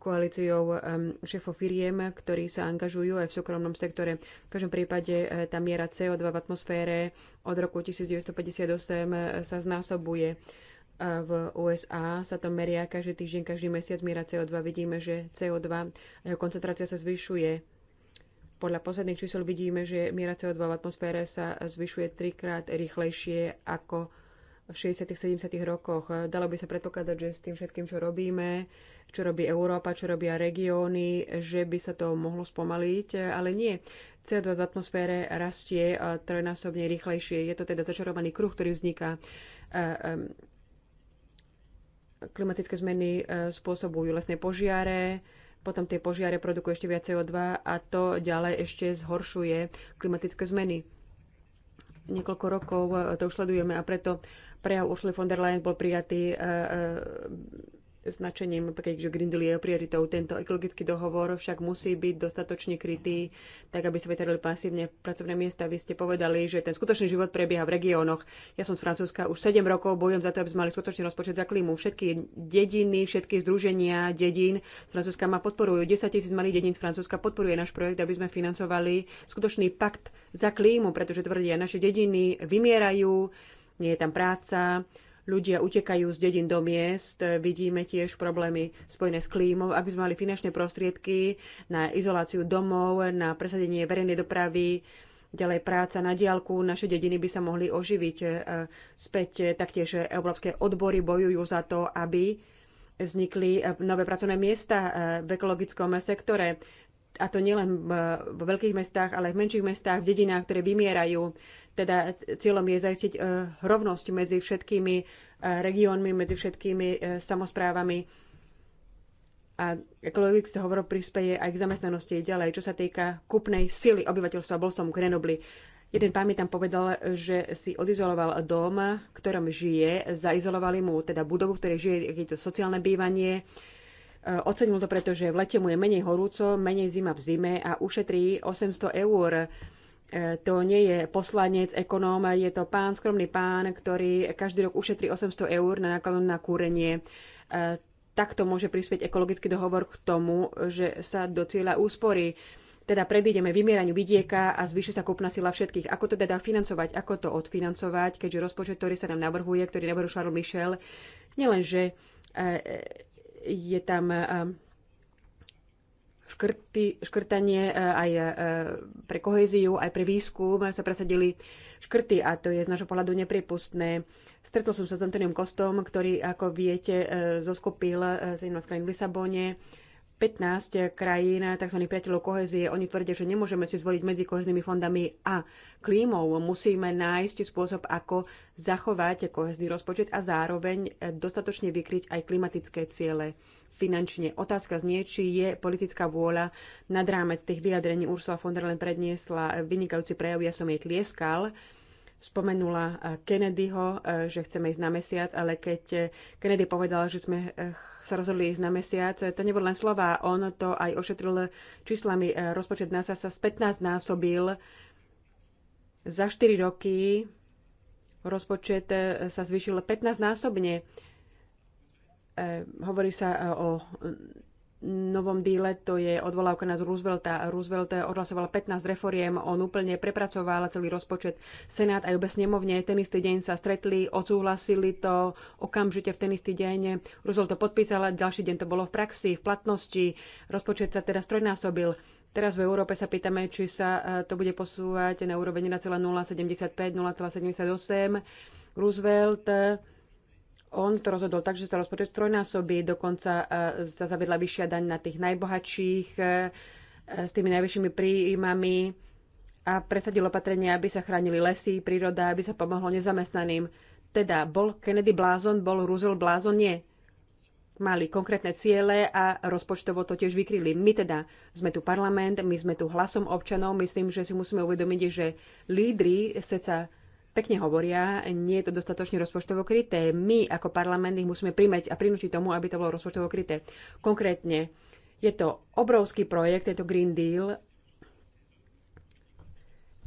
koalíciou šéfov firiem, ktorí sa angažujú aj v súkromnom sektore. V každom prípade e, tá miera CO2 v atmosfére od roku 1958 e, sa znásobuje. V USA sa to meria každý týždeň, každý mesiac miera CO2. Vidíme, že CO2 jeho koncentrácia sa zvyšuje. Podľa posledných čísel vidíme, že miera CO2 v atmosfére sa zvyšuje trikrát rýchlejšie ako v 60. 70. rokoch. Dalo by sa predpokladať, že s tým všetkým, čo robíme, čo robí Európa, čo robia regióny, že by sa to mohlo spomaliť, ale nie. CO2 v atmosfére rastie e, trojnásobne rýchlejšie. Je to teda začarovaný kruh, ktorý vzniká. E, e, klimatické zmeny spôsobujú lesné požiare, potom tie požiare produkujú ešte viac CO2 a to ďalej ešte zhoršuje klimatické zmeny niekoľko rokov to už sledujeme a preto Prejav Ursula von der Leyen bol prijatý e, e, značením, keďže Green Deal je prioritou. Tento ekologický dohovor však musí byť dostatočne krytý, tak aby sa vytvorili pasívne pracovné miesta. Vy ste povedali, že ten skutočný život prebieha v regiónoch. Ja som z Francúzska, už 7 rokov bojujem za to, aby sme mali skutočný rozpočet za klímu. Všetky dediny, všetky združenia dedín z Francúzska ma podporujú. 10 tisíc malých dedín z Francúzska podporuje náš projekt, aby sme financovali skutočný pakt za klímu, pretože tvrdia, naše dediny vymierajú, nie je tam práca, ľudia utekajú z dedín do miest, vidíme tiež problémy spojené s klímou. Ak by sme mali finančné prostriedky na izoláciu domov, na presadenie verejnej dopravy, ďalej práca na diálku, naše dediny by sa mohli oživiť e, späť. E, taktiež európske odbory bojujú za to, aby vznikli e, nové pracovné miesta v ekologickom sektore. A to nielen v veľkých mestách, ale aj v menších mestách, v dedinách, ktoré vymierajú. Teda cieľom je zajistiť e, rovnosť medzi všetkými e, regiónmi, medzi všetkými e, samozprávami. A ekonomik ste hovoril, prispieje aj k zamestnanosti ďalej, čo sa týka kupnej sily obyvateľstva. Bol som v Grenobli. Jeden pán mi tam povedal, že si odizoloval dom, v ktorom žije, zaizolovali mu teda budovu, v ktorej žije, je to sociálne bývanie. Ocenil to, pretože v lete mu je menej horúco, menej zima v zime a ušetrí 800 eur E, to nie je poslanec, ekonóm, je to pán, skromný pán, ktorý každý rok ušetrí 800 eur na nákladu na kúrenie. E, Takto môže prispieť ekologický dohovor k tomu, že sa do cieľa úspory. Teda predídeme vymieraniu vidieka a zvýši sa kúpna sila všetkých. Ako to teda financovať, ako to odfinancovať, keďže rozpočet, ktorý sa nám navrhuje, ktorý navrhuje Charles Michel, nielenže e, je tam škrty, škrtanie e, aj e, pre kohéziu, aj pre výskum sa presadili škrty a to je z nášho pohľadu nepriepustné. Stretol som sa s Antoniom Kostom, ktorý, ako viete, e, zoskupil 17 krajín v Lisabone 15 krajín tzv. priateľov kohezie, oni tvrdia, že nemôžeme si zvoliť medzi koheznými fondami a klímou. Musíme nájsť spôsob, ako zachovať kohezný rozpočet a zároveň dostatočne vykryť aj klimatické ciele finančne. Otázka znie, či je politická vôľa nad rámec tých vyjadrení Ursula von der Leyen predniesla vynikajúci prejav, ja som jej tlieskal, spomenula eh, Kennedyho, eh, že chceme ísť na mesiac, ale keď eh, Kennedy povedal, že sme sa rozhodli ísť na mesiac, to neboli len slova, on to aj ošetril číslami. Rozpočet NASA sa z 15 násobil. Za 4 roky rozpočet sa zvýšil 15 násobne. Hovorí sa o novom díle, to je odvolávka na Roosevelta. Roosevelt odhlasoval 15 reforiem, on úplne prepracoval celý rozpočet. Senát aj obe snemovne ten istý deň sa stretli, odsúhlasili to okamžite v ten istý deň. Roosevelt to podpísal ďalší deň to bolo v praxi, v platnosti. Rozpočet sa teda strojnásobil. Teraz v Európe sa pýtame, či sa e, to bude posúvať na úroveň 1,075, 0,78. Roosevelt on to rozhodol tak, že sa rozpočet trojnásobí, dokonca e, sa zavedla vyššia daň na tých najbohatších e, s tými najvyššími príjmami a presadil opatrenia, aby sa chránili lesy, príroda, aby sa pomohlo nezamestnaným. Teda bol Kennedy blázon, bol Roosevelt blázon? Nie. Mali konkrétne ciele a rozpočtovo to tiež vykryli. My teda sme tu parlament, my sme tu hlasom občanov. Myslím, že si musíme uvedomiť, že lídry sa pekne hovoria, nie je to dostatočne rozpočtovo kryté. My ako parlament ich musíme príjmať a prinútiť tomu, aby to bolo rozpočtovo kryté. Konkrétne, je to obrovský projekt, je to Green Deal.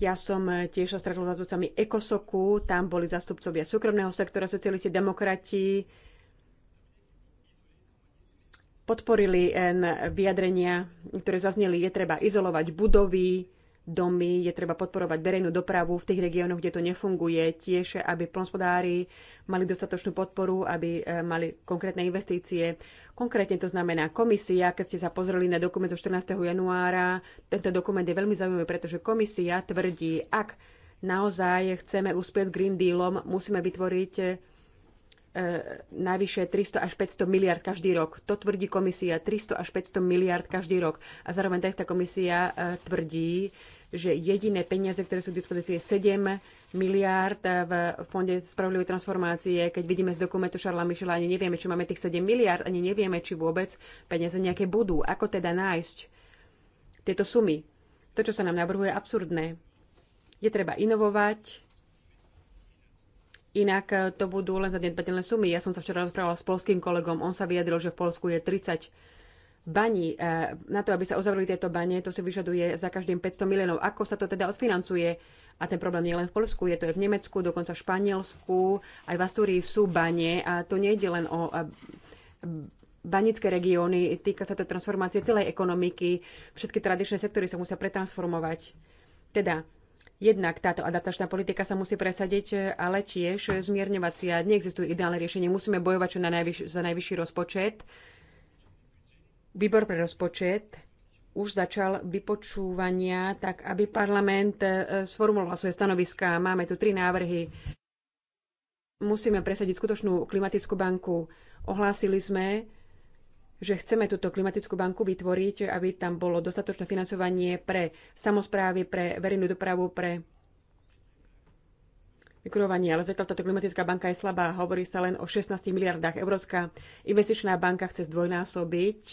Ja som tiež sa stretla s zástupcami Ekosoku, tam boli zástupcovia súkromného sektora, socialisti, demokrati. Podporili eh, vyjadrenia, ktoré zazneli, je treba izolovať budovy, domy, je treba podporovať verejnú dopravu v tých regiónoch, kde to nefunguje, tiež aby plnospodári mali dostatočnú podporu, aby e, mali konkrétne investície. Konkrétne to znamená komisia, keď ste sa pozreli na dokument zo 14. januára, tento dokument je veľmi zaujímavý, pretože komisia tvrdí, ak naozaj chceme uspieť s Green Dealom, musíme vytvoriť e, najvyššie 300 až 500 miliard každý rok. To tvrdí komisia, 300 až 500 miliard každý rok. A zároveň tá istá komisia e, tvrdí, že jediné peniaze, ktoré sú k dispozícii, 7 miliárd v Fonde spravodlivej transformácie. Keď vidíme z dokumentu Šarla Mišela, ani nevieme, či máme tých 7 miliárd, ani nevieme, či vôbec peniaze nejaké budú. Ako teda nájsť tieto sumy? To, čo sa nám navrhuje, je absurdné. Je treba inovovať, inak to budú len zanedbateľné sumy. Ja som sa včera rozprávala s polským kolegom, on sa vyjadril, že v Polsku je 30 Bani eh, Na to, aby sa uzavreli tieto bane, to si vyžaduje za každým 500 miliónov. Ako sa to teda odfinancuje? A ten problém nie len v Polsku, je to aj v Nemecku, dokonca v Španielsku, aj v Astúrii sú bane a to nie je len o eh, banické regióny, týka sa to transformácie celej ekonomiky, všetky tradičné sektory sa musia pretransformovať. Teda Jednak táto adaptačná politika sa musí presadiť, ale tiež zmierňovacia. Neexistuje ideálne riešenie. Musíme bojovať čo na najvyš- za najvyšší rozpočet Výbor pre rozpočet už začal vypočúvania, tak aby parlament e, sformuloval svoje stanoviská. Máme tu tri návrhy. Musíme presadiť skutočnú klimatickú banku. Ohlásili sme, že chceme túto klimatickú banku vytvoriť, aby tam bolo dostatočné financovanie pre samozprávy, pre verejnú dopravu, pre vykurovanie, ale zatiaľ táto klimatická banka je slabá. Hovorí sa len o 16 miliardách. Európska investičná banka chce zdvojnásobiť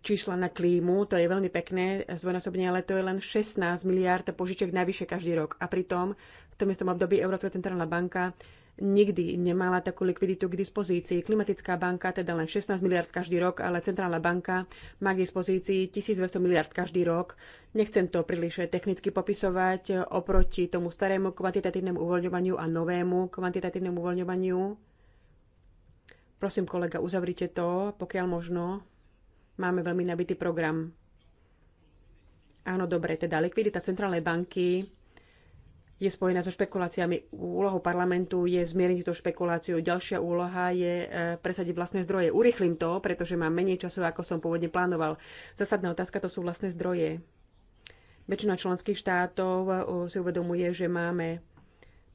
čísla na klímu, to je veľmi pekné, zdvojnásobne, ale to je len 16 miliard požičiek navyše každý rok. A pritom v tom istom období Európska centrálna banka nikdy nemala takú likviditu k dispozícii. Klimatická banka teda len 16 miliard každý rok, ale Centrálna banka má k dispozícii 1200 miliard každý rok. Nechcem to príliš technicky popisovať oproti tomu starému kvantitatívnemu uvoľňovaniu a novému kvantitatívnemu uvoľňovaniu. Prosím, kolega, uzavrite to, pokiaľ možno. Máme veľmi nabitý program. Áno, dobre, teda likvidita Centrálnej banky je spojená so špekuláciami. Úlohou parlamentu je zmierniť túto špekuláciu. Ďalšia úloha je e, presadiť vlastné zdroje. Urychlím to, pretože mám menej času, ako som pôvodne plánoval. Zasadná otázka to sú vlastné zdroje. Väčšina členských štátov e, si uvedomuje, že máme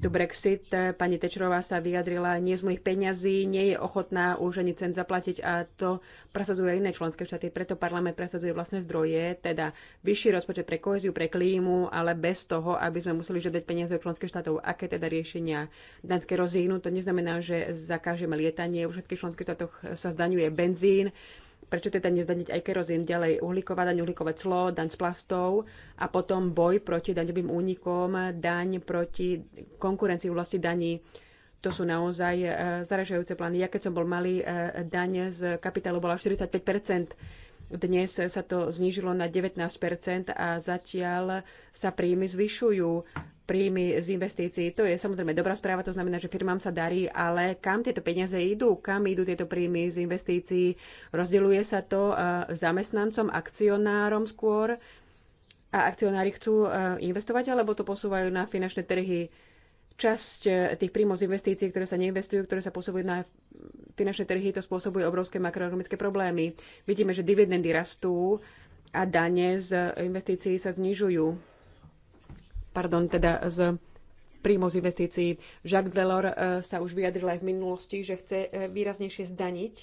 tu Brexit. Pani Tečerová sa vyjadrila, nie z mojich peňazí, nie je ochotná už ani cen zaplatiť a to aj iné členské štáty. Preto parlament presadzuje vlastné zdroje, teda vyšší rozpočet pre koheziu, pre klímu, ale bez toho, aby sme museli žiadať peniaze od členských štátov. Aké teda riešenia Danské rozínu? To neznamená, že zakážeme lietanie. V všetkých členských štátoch sa zdaňuje benzín Prečo teda nezdaniť aj kerozín ďalej? Uhlíková daň, uhlíkové clo, daň z plastov a potom boj proti daňovým únikom, daň proti konkurencii v vlasti daní. To sú naozaj e, zaražajúce plány. Ja keď som bol malý, e, daň z kapitálu bola 45 dnes sa to znížilo na 19 a zatiaľ sa príjmy zvyšujú príjmy z investícií. To je samozrejme dobrá správa, to znamená, že firmám sa darí, ale kam tieto peniaze idú, kam idú tieto príjmy z investícií, rozdeľuje sa to eh, zamestnancom, akcionárom skôr a akcionári chcú eh, investovať, alebo to posúvajú na finančné trhy. Časť eh, tých príjmov z investícií, ktoré sa neinvestujú, ktoré sa posúvajú na finančné trhy, to spôsobuje obrovské makroekonomické problémy. Vidíme, že dividendy rastú a dane z investícií sa znižujú pardon, teda z príjmov z investícií. Jacques Delors eh, sa už vyjadril aj v minulosti, že chce eh, výraznejšie zdaniť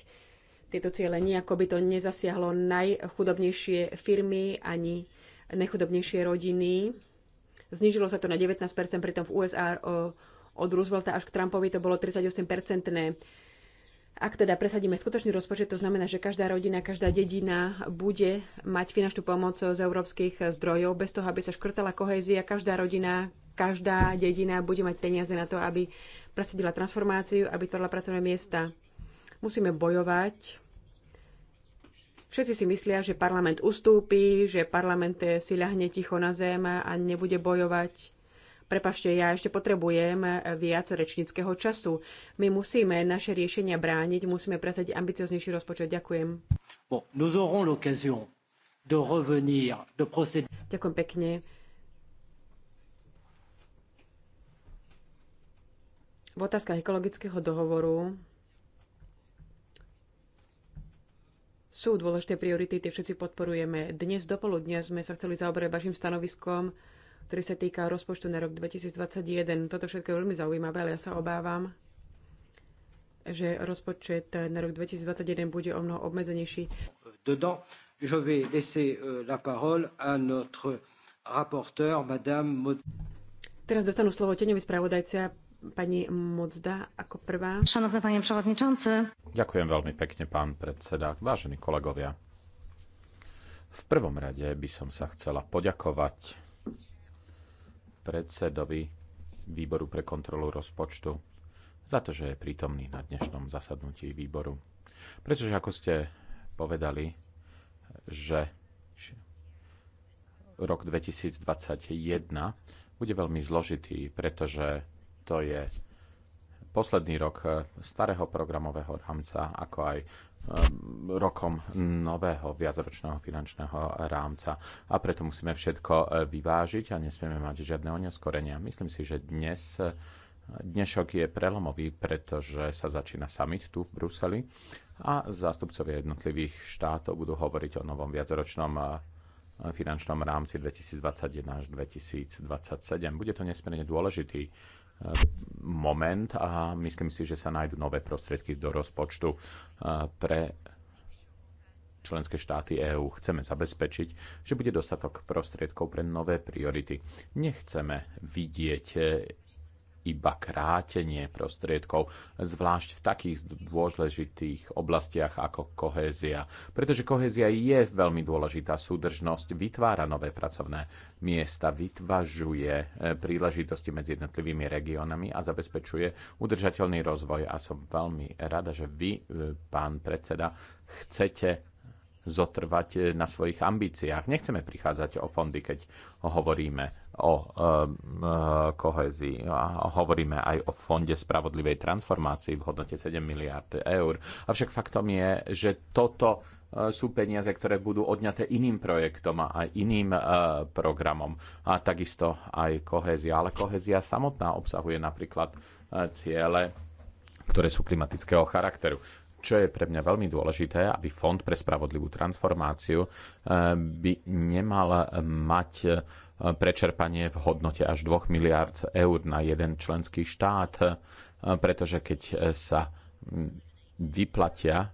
tieto ciele, Nijako by to nezasiahlo najchudobnejšie firmy ani najchudobnejšie rodiny. Znižilo sa to na 19%, pritom v USA eh, od Roosevelta až k Trumpovi to bolo 38-percentné. Ak teda presadíme skutočný rozpočet, to znamená, že každá rodina, každá dedina bude mať finančnú pomoc z európskych zdrojov, bez toho, aby sa škrtala kohézia. Každá rodina, každá dedina bude mať peniaze na to, aby presadila transformáciu, aby tvorila pracovné miesta. Musíme bojovať. Všetci si myslia, že parlament ustúpi, že parlament si ľahne ticho na zem a nebude bojovať Prepašte, ja ešte potrebujem viac rečníckého času. My musíme naše riešenia brániť, musíme presať ambicioznejší rozpočet. Ďakujem. Bon, nous aurons l'occasion de revenir, de procéder... Ďakujem pekne. V otázkach ekologického dohovoru sú dôležité priority, tie všetci podporujeme. Dnes poludnia sme sa chceli zaoberať vašim stanoviskom ktorý sa týka rozpočtu na rok 2021. Toto všetko je veľmi zaujímavé, ale ja sa obávam, že rozpočet na rok 2021 bude o mnoho obmedzenejší. Dedans, je vais laisser euh, la parole à notre rapporteur, madame Teraz dostanú slovo teňový spravodajca pani Mocda ako prvá. Šanovné pani prevodničance. Ďakujem veľmi pekne, pán predseda. Vážení kolegovia, v prvom rade by som sa chcela poďakovať predsedovi výboru pre kontrolu rozpočtu za to, že je prítomný na dnešnom zasadnutí výboru. Pretože ako ste povedali, že rok 2021 bude veľmi zložitý, pretože to je posledný rok starého programového rámca, ako aj Eh, rokom nového viacročného finančného rámca. A preto musíme všetko eh, vyvážiť a nesmieme mať žiadne oneskorenia. Myslím si, že dnes eh, Dnešok je prelomový, pretože sa začína summit tu v Bruseli a zástupcovia jednotlivých štátov budú hovoriť o novom viacročnom finančnom rámci 2021 až 2027. Bude to nesmierne dôležitý moment a myslím si, že sa nájdú nové prostriedky do rozpočtu eh, pre členské štáty EÚ. Chceme zabezpečiť, že bude dostatok prostriedkov pre nové priority. Nechceme vidieť eh, iba krátenie prostriedkov, zvlášť v takých dôležitých oblastiach ako kohézia. Pretože kohézia je veľmi dôležitá súdržnosť, vytvára nové pracovné miesta, vytvažuje e, príležitosti medzi jednotlivými regiónami a zabezpečuje udržateľný rozvoj. A som veľmi rada, že vy, e, pán predseda, chcete zotrvať e, na svojich ambíciách. Nechceme prichádzať o fondy, keď hovoríme o e, e, kohezii. Hovoríme aj o Fonde spravodlivej transformácii v hodnote 7 miliard eur. Avšak faktom je, že toto e, sú peniaze, ktoré budú odňaté iným projektom a iným programom. A takisto aj kohézia. Ale kohézia samotná obsahuje napríklad ciele, ktoré sú klimatického charakteru. Čo je pre mňa veľmi dôležité, aby Fond pre spravodlivú transformáciu by nemal mať prečerpanie v hodnote až 2 miliard eur na jeden členský štát, e, pretože keď e, sa vyplatia e,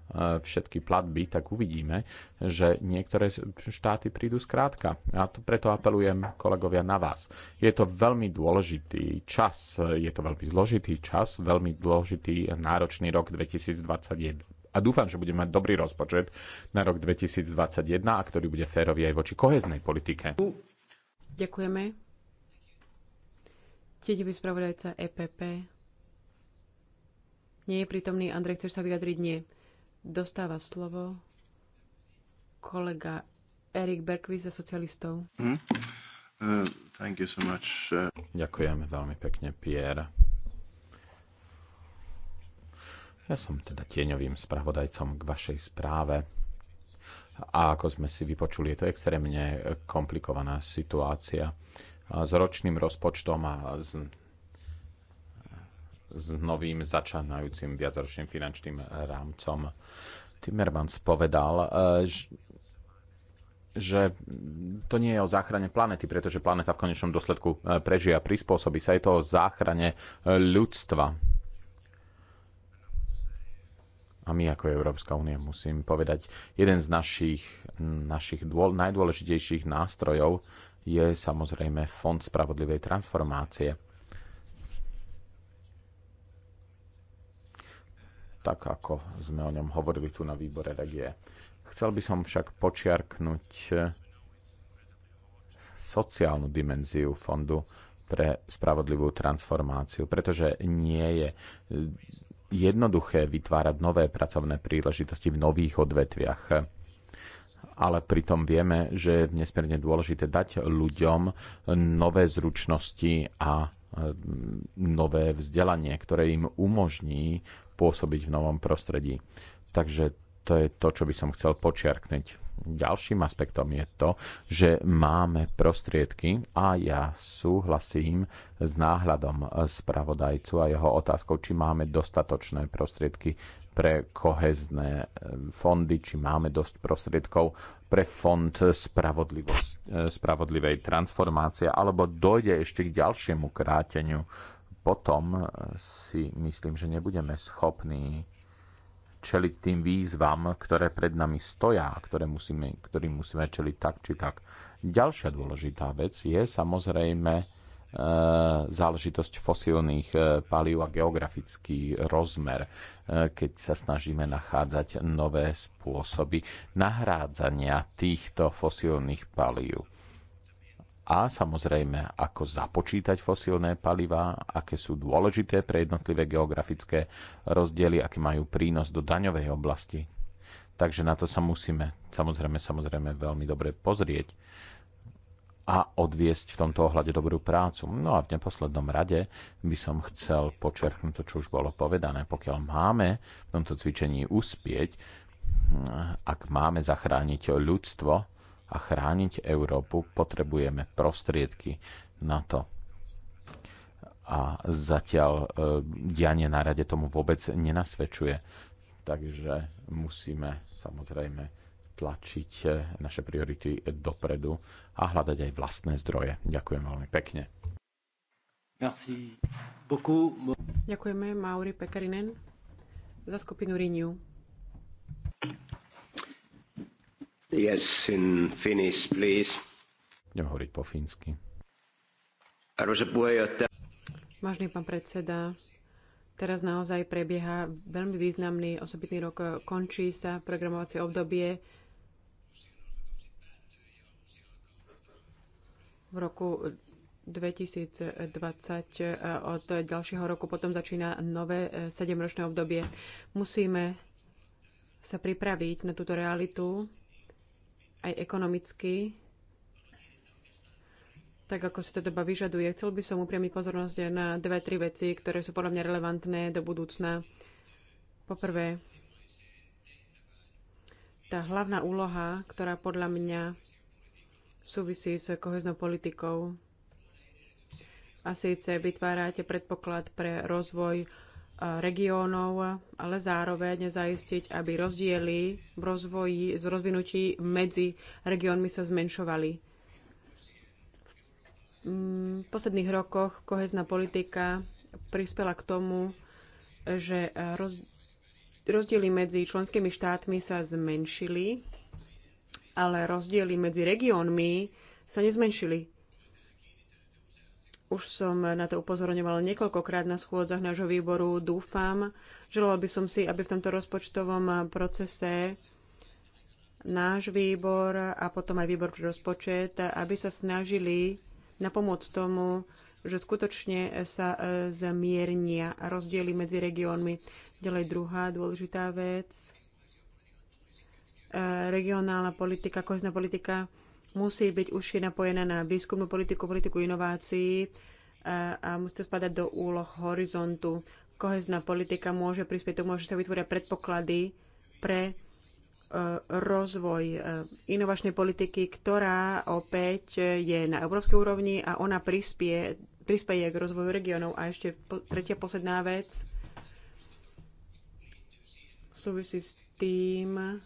všetky platby, tak uvidíme, že niektoré štáty prídu skrátka. A to preto apelujem, kolegovia, na vás. Je to veľmi dôležitý čas, je to veľmi zložitý čas, veľmi dôležitý náročný rok 2021 a dúfam, že budeme mať dobrý rozpočet na rok 2021, a ktorý bude férový aj voči koheznej politike. Ďakujeme. Tieťový spravodajca EPP. Nie je prítomný. Andrej, chceš sa vyjadriť? Nie. Dostáva slovo kolega Erik Berkvist za socialistov. Mm. Uh, thank you so much. Uh... Ďakujem veľmi pekne, Pierre. Ja som teda tieňovým spravodajcom k vašej správe a ako sme si vypočuli, je to extrémne komplikovaná situácia s ročným rozpočtom a s, s novým začínajúcim viacročným finančným rámcom. Timmermans povedal, e, že to nie je o záchrane planety, pretože planeta v konečnom dôsledku e, prežije a prispôsobí sa. Je to o záchrane e, ľudstva a my ako Európska únia musím povedať, jeden z našich, našich dôl, najdôležitejších nástrojov je samozrejme Fond spravodlivej transformácie. Tak ako sme o ňom hovorili tu na výbore regie. Chcel by som však počiarknúť eh, sociálnu dimenziu fondu pre spravodlivú transformáciu, pretože nie je eh, jednoduché vytvárať nové pracovné príležitosti v nových odvetviach. Ale pritom vieme, že je nesmierne dôležité dať ľuďom nové zručnosti a e, nové vzdelanie, ktoré im umožní pôsobiť v novom prostredí. Takže to je to, čo by som chcel počiarknúť. Ďalším aspektom je to, že máme prostriedky a ja súhlasím s náhľadom spravodajcu a jeho otázkou, či máme dostatočné prostriedky pre kohezné e, fondy, či máme dosť prostriedkov pre fond e, spravodlivej transformácie, alebo dojde ešte k ďalšiemu kráteniu. Potom e, si myslím, že nebudeme schopní čeliť tým výzvam, ktoré pred nami stoja a ktoré musíme, ktorým musíme čeliť tak či tak. Ďalšia dôležitá vec je samozrejme e, záležitosť fosílnych e, palív a geografický rozmer, e, keď sa snažíme nachádzať nové spôsoby nahrádzania týchto fosílnych palív a samozrejme, ako započítať fosílne paliva, aké sú dôležité pre jednotlivé geografické rozdiely, aký majú prínos do daňovej oblasti. Takže na to sa musíme samozrejme, samozrejme veľmi dobre pozrieť a odviesť v tomto ohľade dobrú prácu. No a v neposlednom rade by som chcel počerknúť to, čo už bolo povedané. Pokiaľ máme v tomto cvičení uspieť, ak máme zachrániť ľudstvo, a chrániť Európu, potrebujeme prostriedky na to. A zatiaľ e, dianie na rade tomu vôbec nenasvedčuje. Takže musíme samozrejme tlačiť e, naše priority dopredu a hľadať aj vlastné zdroje. Ďakujem veľmi pekne. Merci beaucoup. Ďakujeme Mauri Pekarinen za skupinu Renew. Yes, in Finnish, please. hovoriť po fínsky. Vážený pán predseda, teraz naozaj prebieha veľmi významný osobitný rok. Končí sa programovacie obdobie. v roku 2020 od ďalšieho roku potom začína nové sedemročné obdobie. Musíme sa pripraviť na túto realitu aj ekonomicky, tak ako si to doba vyžaduje. Chcel by som upriamiť pozornosť na dve, tri veci, ktoré sú podľa mňa relevantné do budúcna. Poprvé, tá hlavná úloha, ktorá podľa mňa súvisí s koheznou politikou, a síce vytvárate predpoklad pre rozvoj regiónov, ale zároveň zaistiť, aby rozdiely v rozvoji, z rozvinutí medzi regiónmi sa zmenšovali. V mm, posledných rokoch kohezná politika prispela k tomu, že rozdiely medzi členskými štátmi sa zmenšili, ale rozdiely medzi regiónmi sa nezmenšili. Už som na to upozorňovala niekoľkokrát na schôdzach nášho výboru. Dúfam, želala by som si, aby v tomto rozpočtovom procese náš výbor a potom aj výbor pre rozpočet, aby sa snažili na pomoc tomu, že skutočne sa e, zmiernia rozdiely medzi regiónmi. Ďalej druhá dôležitá vec. E, regionálna politika, kohezná politika musí byť užšie napojená na výskumnú politiku, politiku inovácií a, e, a musí to spadať do úloh horizontu. Kohezná politika môže prispieť tomu, že sa vytvoria predpoklady pre e, rozvoj e, inovačnej politiky, ktorá opäť je na európskej úrovni a ona prispie, prispieje k rozvoju regiónov. A ešte tretia posledná vec súvisí s tým,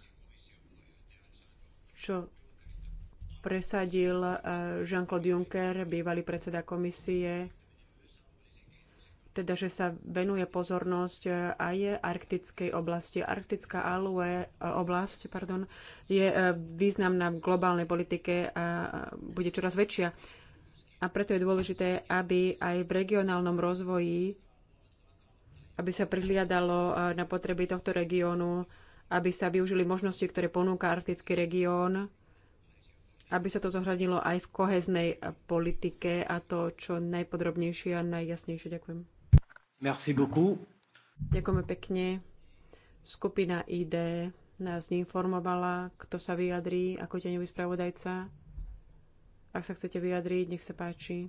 čo presadil eh, Jean-Claude Juncker, bývalý predseda komisie, teda že sa venuje pozornosť eh, aj arktickej oblasti. Arktická alue, eh, oblasť pardon, je významná v globálnej politike a bude čoraz väčšia. A preto je dôležité, aby aj v regionálnom rozvoji aby sa prihliadalo na potreby tohto regiónu, aby sa využili možnosti, ktoré ponúka arktický región aby sa to zohradilo aj v koheznej politike a to čo najpodrobnejšie a najjasnejšie. Ďakujem. Merci beaucoup. Ďakujeme pekne. Skupina ID nás informovala, kto sa vyjadrí ako teňový spravodajca. Ak sa chcete vyjadriť, nech sa páči. Eh,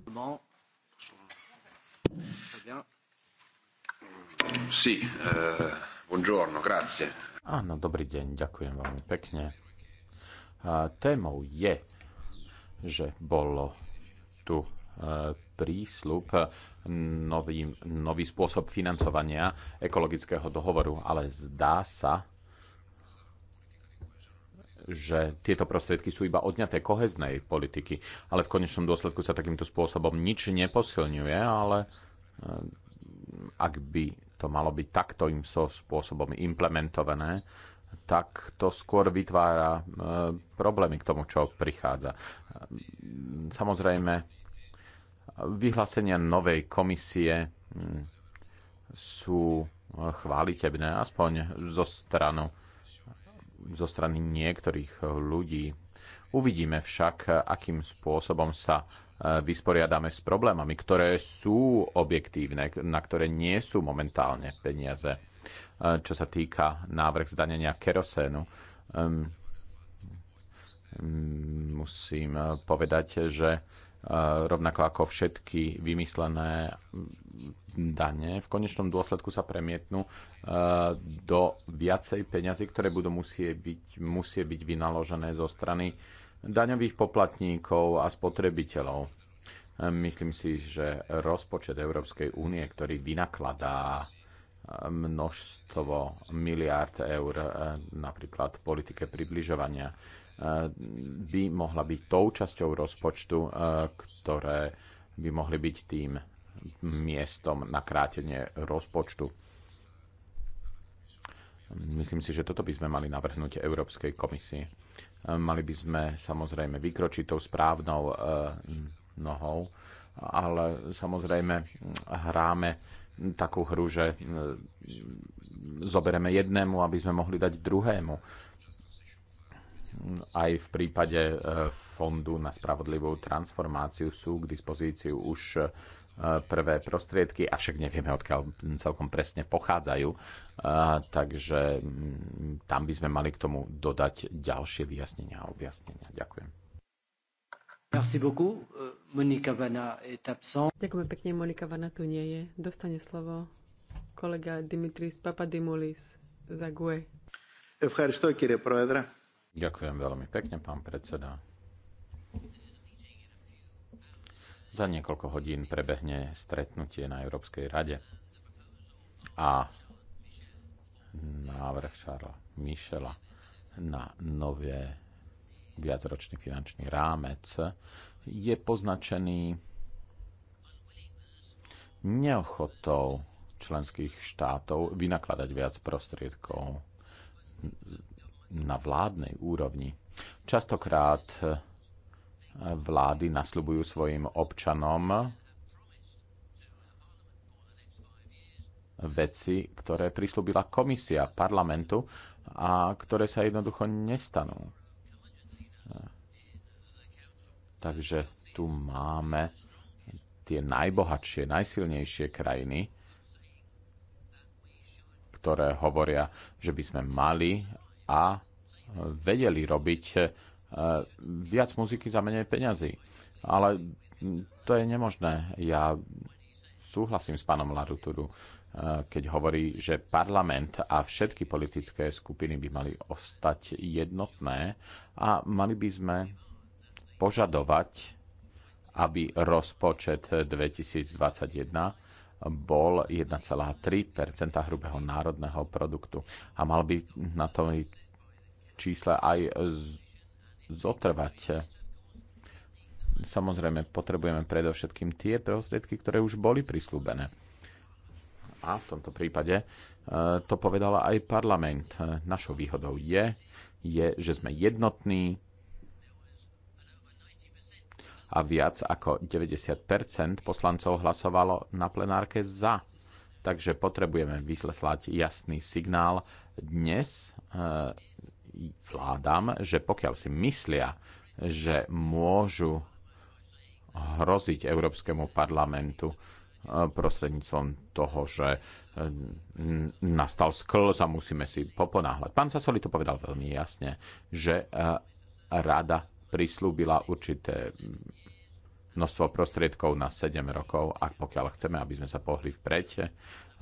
buongiorno, grazie. Áno, dobrý deň, ďakujem veľmi pekne. témou je že bolo tu e, prísľub e, nový, nový spôsob financovania ekologického dohovoru, ale zdá sa, že tieto prostriedky sú iba odňaté koheznej politiky, ale v konečnom dôsledku sa takýmto spôsobom nič neposilňuje, ale e, ak by to malo byť takto im so spôsobom implementované, tak to skôr vytvára e, problémy k tomu, čo prichádza. Samozrejme, vyhlásenia novej komisie mm, sú chválitebné, aspoň zo, stranu, zo strany niektorých ľudí. Uvidíme však, eh, akým spôsobom sa eh, vysporiadame s problémami, ktoré sú objektívne, na ktoré nie sú momentálne peniaze. Eh, čo sa týka návrh zdanenia kerosénu, ehm, mm, musím povedať, že rovnako ako všetky vymyslené mm, dane, v konečnom dôsledku sa premietnú do viacej peňazí, ktoré budú musieť byť, musie byť vynaložené zo strany daňových poplatníkov a spotrebiteľov. Myslím si, že rozpočet Európskej únie, ktorý vynakladá eh, množstvo miliárd eur eh, napríklad politike približovania, eh, by mohla byť tou časťou rozpočtu, ktoré by mohli byť tým miestom na krátenie rozpočtu. Myslím si, že toto by sme mali navrhnúť Európskej komisii. Mali by sme samozrejme vykročiť tou správnou e, nohou, ale samozrejme hráme takú hru, že e, zobereme jednému, aby sme mohli dať druhému. Aj v prípade e, Fondu na spravodlivú transformáciu sú k dispozíciu už prvé prostriedky, avšak nevieme, odkiaľ celkom presne pochádzajú. Takže mm, tam by sme mali k tomu dodať ďalšie vyjasnenia a objasnenia. Ďakujem. Merci beaucoup. Euh, Monika Vana est absent. Ďakujem pekne, Monika Vana tu nie je. Dostane slovo kolega Dimitris Papadimulis za GUE. Ďakujem veľmi pekne, pán predseda. Za niekoľko hodín prebehne stretnutie na Európskej rade a návrh Charlesa Michela na nové viacročný finančný rámec je poznačený neochotou členských štátov vynakladať viac prostriedkov na vládnej úrovni. Častokrát vlády nasľubujú svojim občanom veci, ktoré prislúbila komisia parlamentu a ktoré sa jednoducho nestanú. Takže tu máme tie najbohatšie, najsilnejšie krajiny, ktoré hovoria, že by sme mali a vedeli robiť Eh, viac muziky za menej peňazí. Ale hm, to je nemožné. Ja súhlasím s pánom Laruturu, eh, keď hovorí, že parlament a všetky politické skupiny by mali ostať jednotné a mali by sme požadovať, aby rozpočet 2021 bol 1,3 hrubého národného produktu. A mal by na tom čísle aj z zotrvať. Samozrejme, potrebujeme predovšetkým tie prostriedky, ktoré už boli prislúbené. A v tomto prípade e, to povedala aj parlament. E, našou výhodou je, je, že sme jednotní a viac ako 90 poslancov hlasovalo na plenárke za. Takže potrebujeme vyslať jasný signál dnes e, vládam, že pokiaľ si myslia, že môžu hroziť Európskemu parlamentu eh, prostredníctvom toho, že eh, nastal sklz a musíme si poponáhľať. Pán Sasoli to povedal veľmi jasne, že eh, rada prislúbila určité množstvo prostriedkov na 7 rokov a pokiaľ chceme, aby sme sa pohli vpred,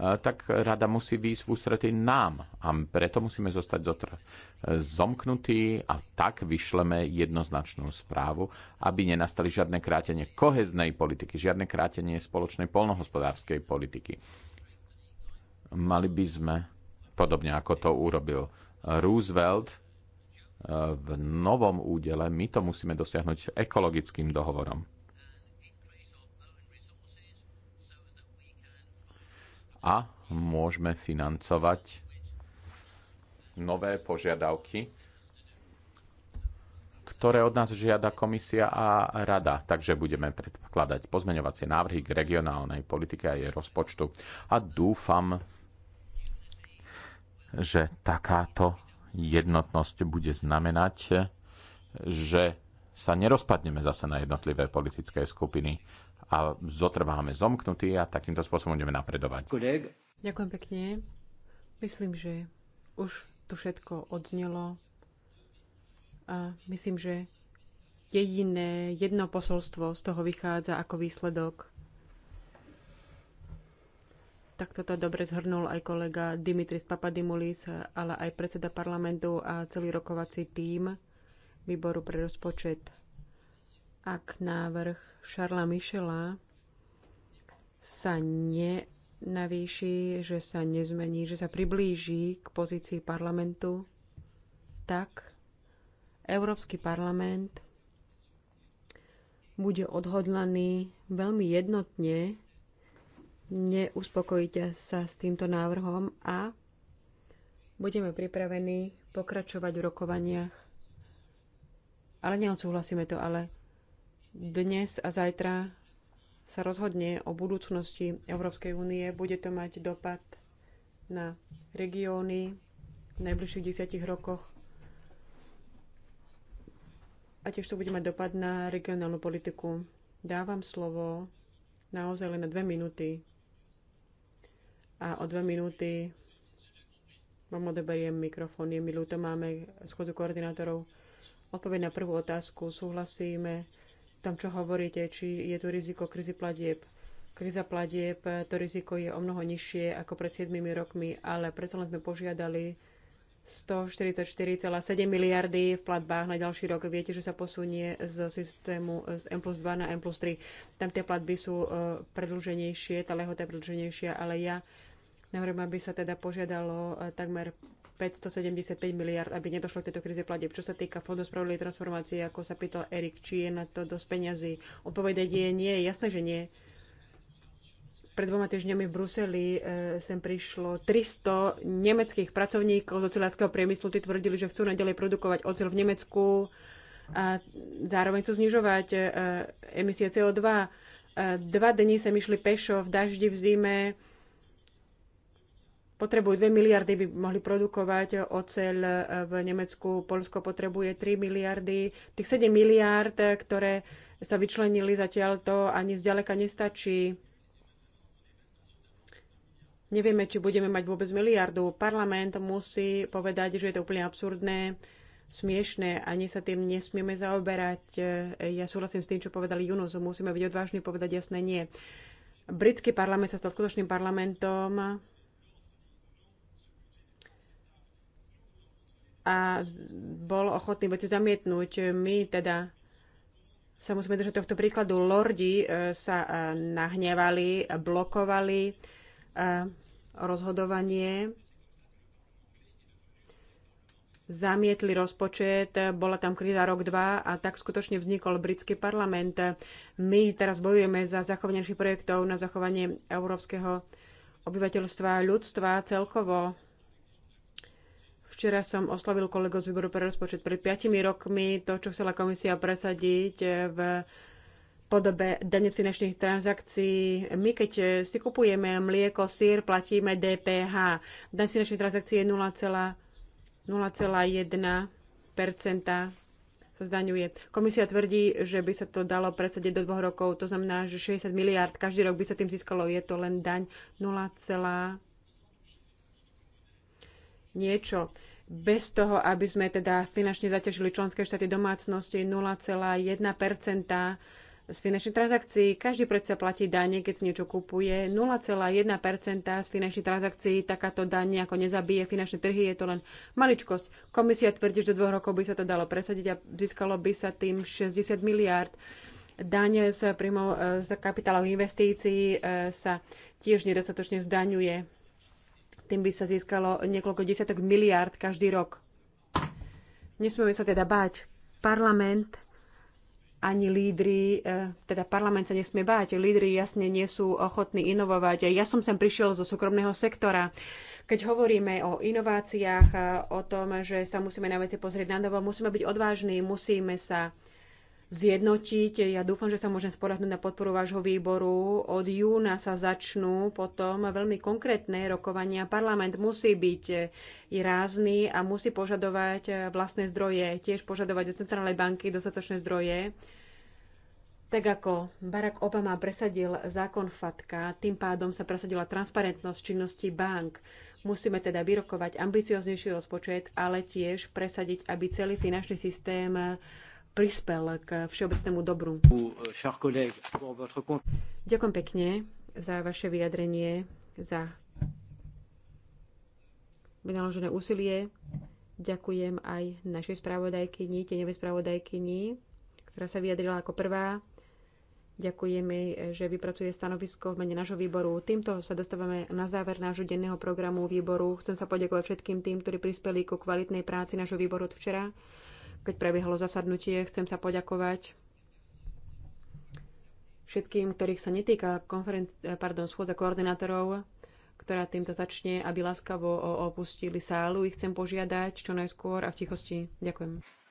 tak rada musí výjsť v ústretí nám a preto musíme zostať zotr- zomknutí a tak vyšleme jednoznačnú správu, aby nenastali žiadne krátenie koheznej politiky, žiadne krátenie spoločnej polnohospodárskej politiky. Mali by sme, podobne ako to urobil Roosevelt, eh, v novom údele my to musíme dosiahnuť ekologickým dohovorom. a môžeme financovať nové požiadavky, ktoré od nás žiada komisia a rada. Takže budeme predkladať pozmeňovacie návrhy k regionálnej politike a jej rozpočtu. A dúfam, že takáto jednotnosť bude znamenať, že sa nerozpadneme zase na jednotlivé politické skupiny a zotrváme zomknutí a takýmto spôsobom budeme napredovať. Ďakujem pekne. Myslím, že už to všetko odznelo a myslím, že jediné jedno posolstvo z toho vychádza ako výsledok. Tak toto dobre zhrnul aj kolega Dimitris Papadimulis, ale aj predseda parlamentu a celý rokovací tím výboru pre rozpočet ak návrh Šarla Mišela sa nenavýši, že sa nezmení, že sa priblíži k pozícii parlamentu, tak Európsky parlament bude odhodlaný veľmi jednotne, neuspokojíte sa s týmto návrhom a budeme pripravení pokračovať v rokovaniach. Ale neodsúhlasíme to, ale dnes a zajtra sa rozhodne o budúcnosti Európskej únie. Bude to mať dopad na regióny v najbližších desiatich rokoch. A tiež to bude mať dopad na regionálnu politiku. Dávam slovo naozaj len na dve minúty. A o dve minúty vám odoberiem mikrofón. Je mi ľúto, máme schodu koordinátorov. Odpoveď na prvú otázku. Súhlasíme tom, čo hovoríte, či je tu riziko krizi platieb. Kriza platieb, to riziko je o mnoho nižšie ako pred 7 rokmi, ale predsa len sme požiadali 144,7 miliardy v platbách na ďalší rok. Viete, že sa posunie z systému z M plus 2 na M plus 3. Tam tie platby sú e, predlženejšie, tá lehota je predlženejšia, ale ja nehovorím, aby sa teda požiadalo e, takmer 575 miliard, aby nedošlo k tejto kríze platieb. Čo sa týka fondu spravodlivej transformácie, ako sa pýtal Erik, či je na to dosť peňazí. Odpovedať je nie, jasné, že nie. Pred dvoma týždňami v Bruseli e, sem prišlo 300 nemeckých pracovníkov z oceľárskeho priemyslu. Tí tvrdili, že chcú nadalej produkovať oceľ v Nemecku a zároveň chcú znižovať e, e emisie CO2. E, dva dni sem išli pešo v daždi v zime potrebujú 2 miliardy, by mohli produkovať oceľ e, v Nemecku, Polsko potrebuje 3 miliardy. Tých 7 miliard, e, ktoré sa vyčlenili zatiaľ, to ani zďaleka nestačí. Nevieme, či budeme mať vôbec miliardu. Parlament musí povedať, že je to úplne absurdné, smiešné, ani sa tým nesmieme zaoberať. E, ja súhlasím s tým, čo povedal Junus. Musíme byť odvážni povedať jasné nie. Britský parlament sa stal skutočným parlamentom a bol ochotný veci zamietnúť. My teda sa musíme držať tohto príkladu. Lordi e, sa e, nahnevali, blokovali e, rozhodovanie, zamietli rozpočet, bola tam kríza rok, dva a tak skutočne vznikol britský parlament. My teraz bojujeme za zachovanie našich projektov na zachovanie európskeho obyvateľstva, ľudstva celkovo. Včera som oslovil kolego z výboru pre rozpočet pred 5 rokmi to, čo chcela komisia presadiť eh, v podobe dane z finančných transakcií. My, keď eh, si kupujeme mlieko, sír, platíme DPH. Daň z finančných transakcií je 0,1 sa zdaňuje. Komisia tvrdí, že by sa to dalo presadiť do dvoch rokov, to znamená, že 60 miliard každý rok by sa tým získalo. Je to len daň 0, niečo. Bez toho, aby sme teda finančne zaťažili členské štáty domácnosti 0,1 z finančných transakcií. Každý predsa platí dane, keď si niečo kupuje. 0,1% z finančných transakcií takáto daň ako nezabije finančné trhy, je to len maličkosť. Komisia tvrdí, že do dvoch rokov by sa to dalo presadiť a získalo by sa tým 60 miliárd. Dane eh, z kapitálových z investícií eh, sa tiež nedostatočne zdaňuje tým by sa získalo niekoľko desiatok miliárd každý rok. Nesmieme sa teda báť. Parlament ani lídry, e, teda parlament sa nesmie báť. Lídry jasne nie sú ochotní inovovať. Ja som sem prišiel zo súkromného sektora. Keď hovoríme o inováciách, e, o tom, že sa musíme na veci pozrieť na novo, musíme byť odvážni, musíme sa zjednotiť. Ja dúfam, že sa môžem sporadnúť na podporu vášho výboru. Od júna sa začnú potom veľmi konkrétne rokovania. Parlament musí byť rázny a musí požadovať vlastné zdroje, tiež požadovať od centrálnej banky dostatočné zdroje. Tak ako Barack Obama presadil zákon FATKA, tým pádom sa presadila transparentnosť činnosti bank. Musíme teda vyrokovať ambicioznejší rozpočet, ale tiež presadiť, aby celý finančný systém prispel k všeobecnému dobru. Ďakujem pekne za vaše vyjadrenie, za vynaložené úsilie. Ďakujem aj našej spravodajkyni, tenevej spravodajkyni, ktorá sa vyjadrila ako prvá. jej, že vypracuje stanovisko v mene nášho výboru. Týmto sa dostávame na záver nášho denného programu výboru. Chcem sa poďakovať všetkým tým, ktorí prispeli ku kvalitnej práci nášho výboru od včera keď prebiehalo zasadnutie. Chcem sa poďakovať všetkým, ktorých sa netýka konferen- eh, pardon, schôdza koordinátorov, ktorá týmto začne, aby láskavo opustili sálu. Ich chcem požiadať čo najskôr a v tichosti. Ďakujem.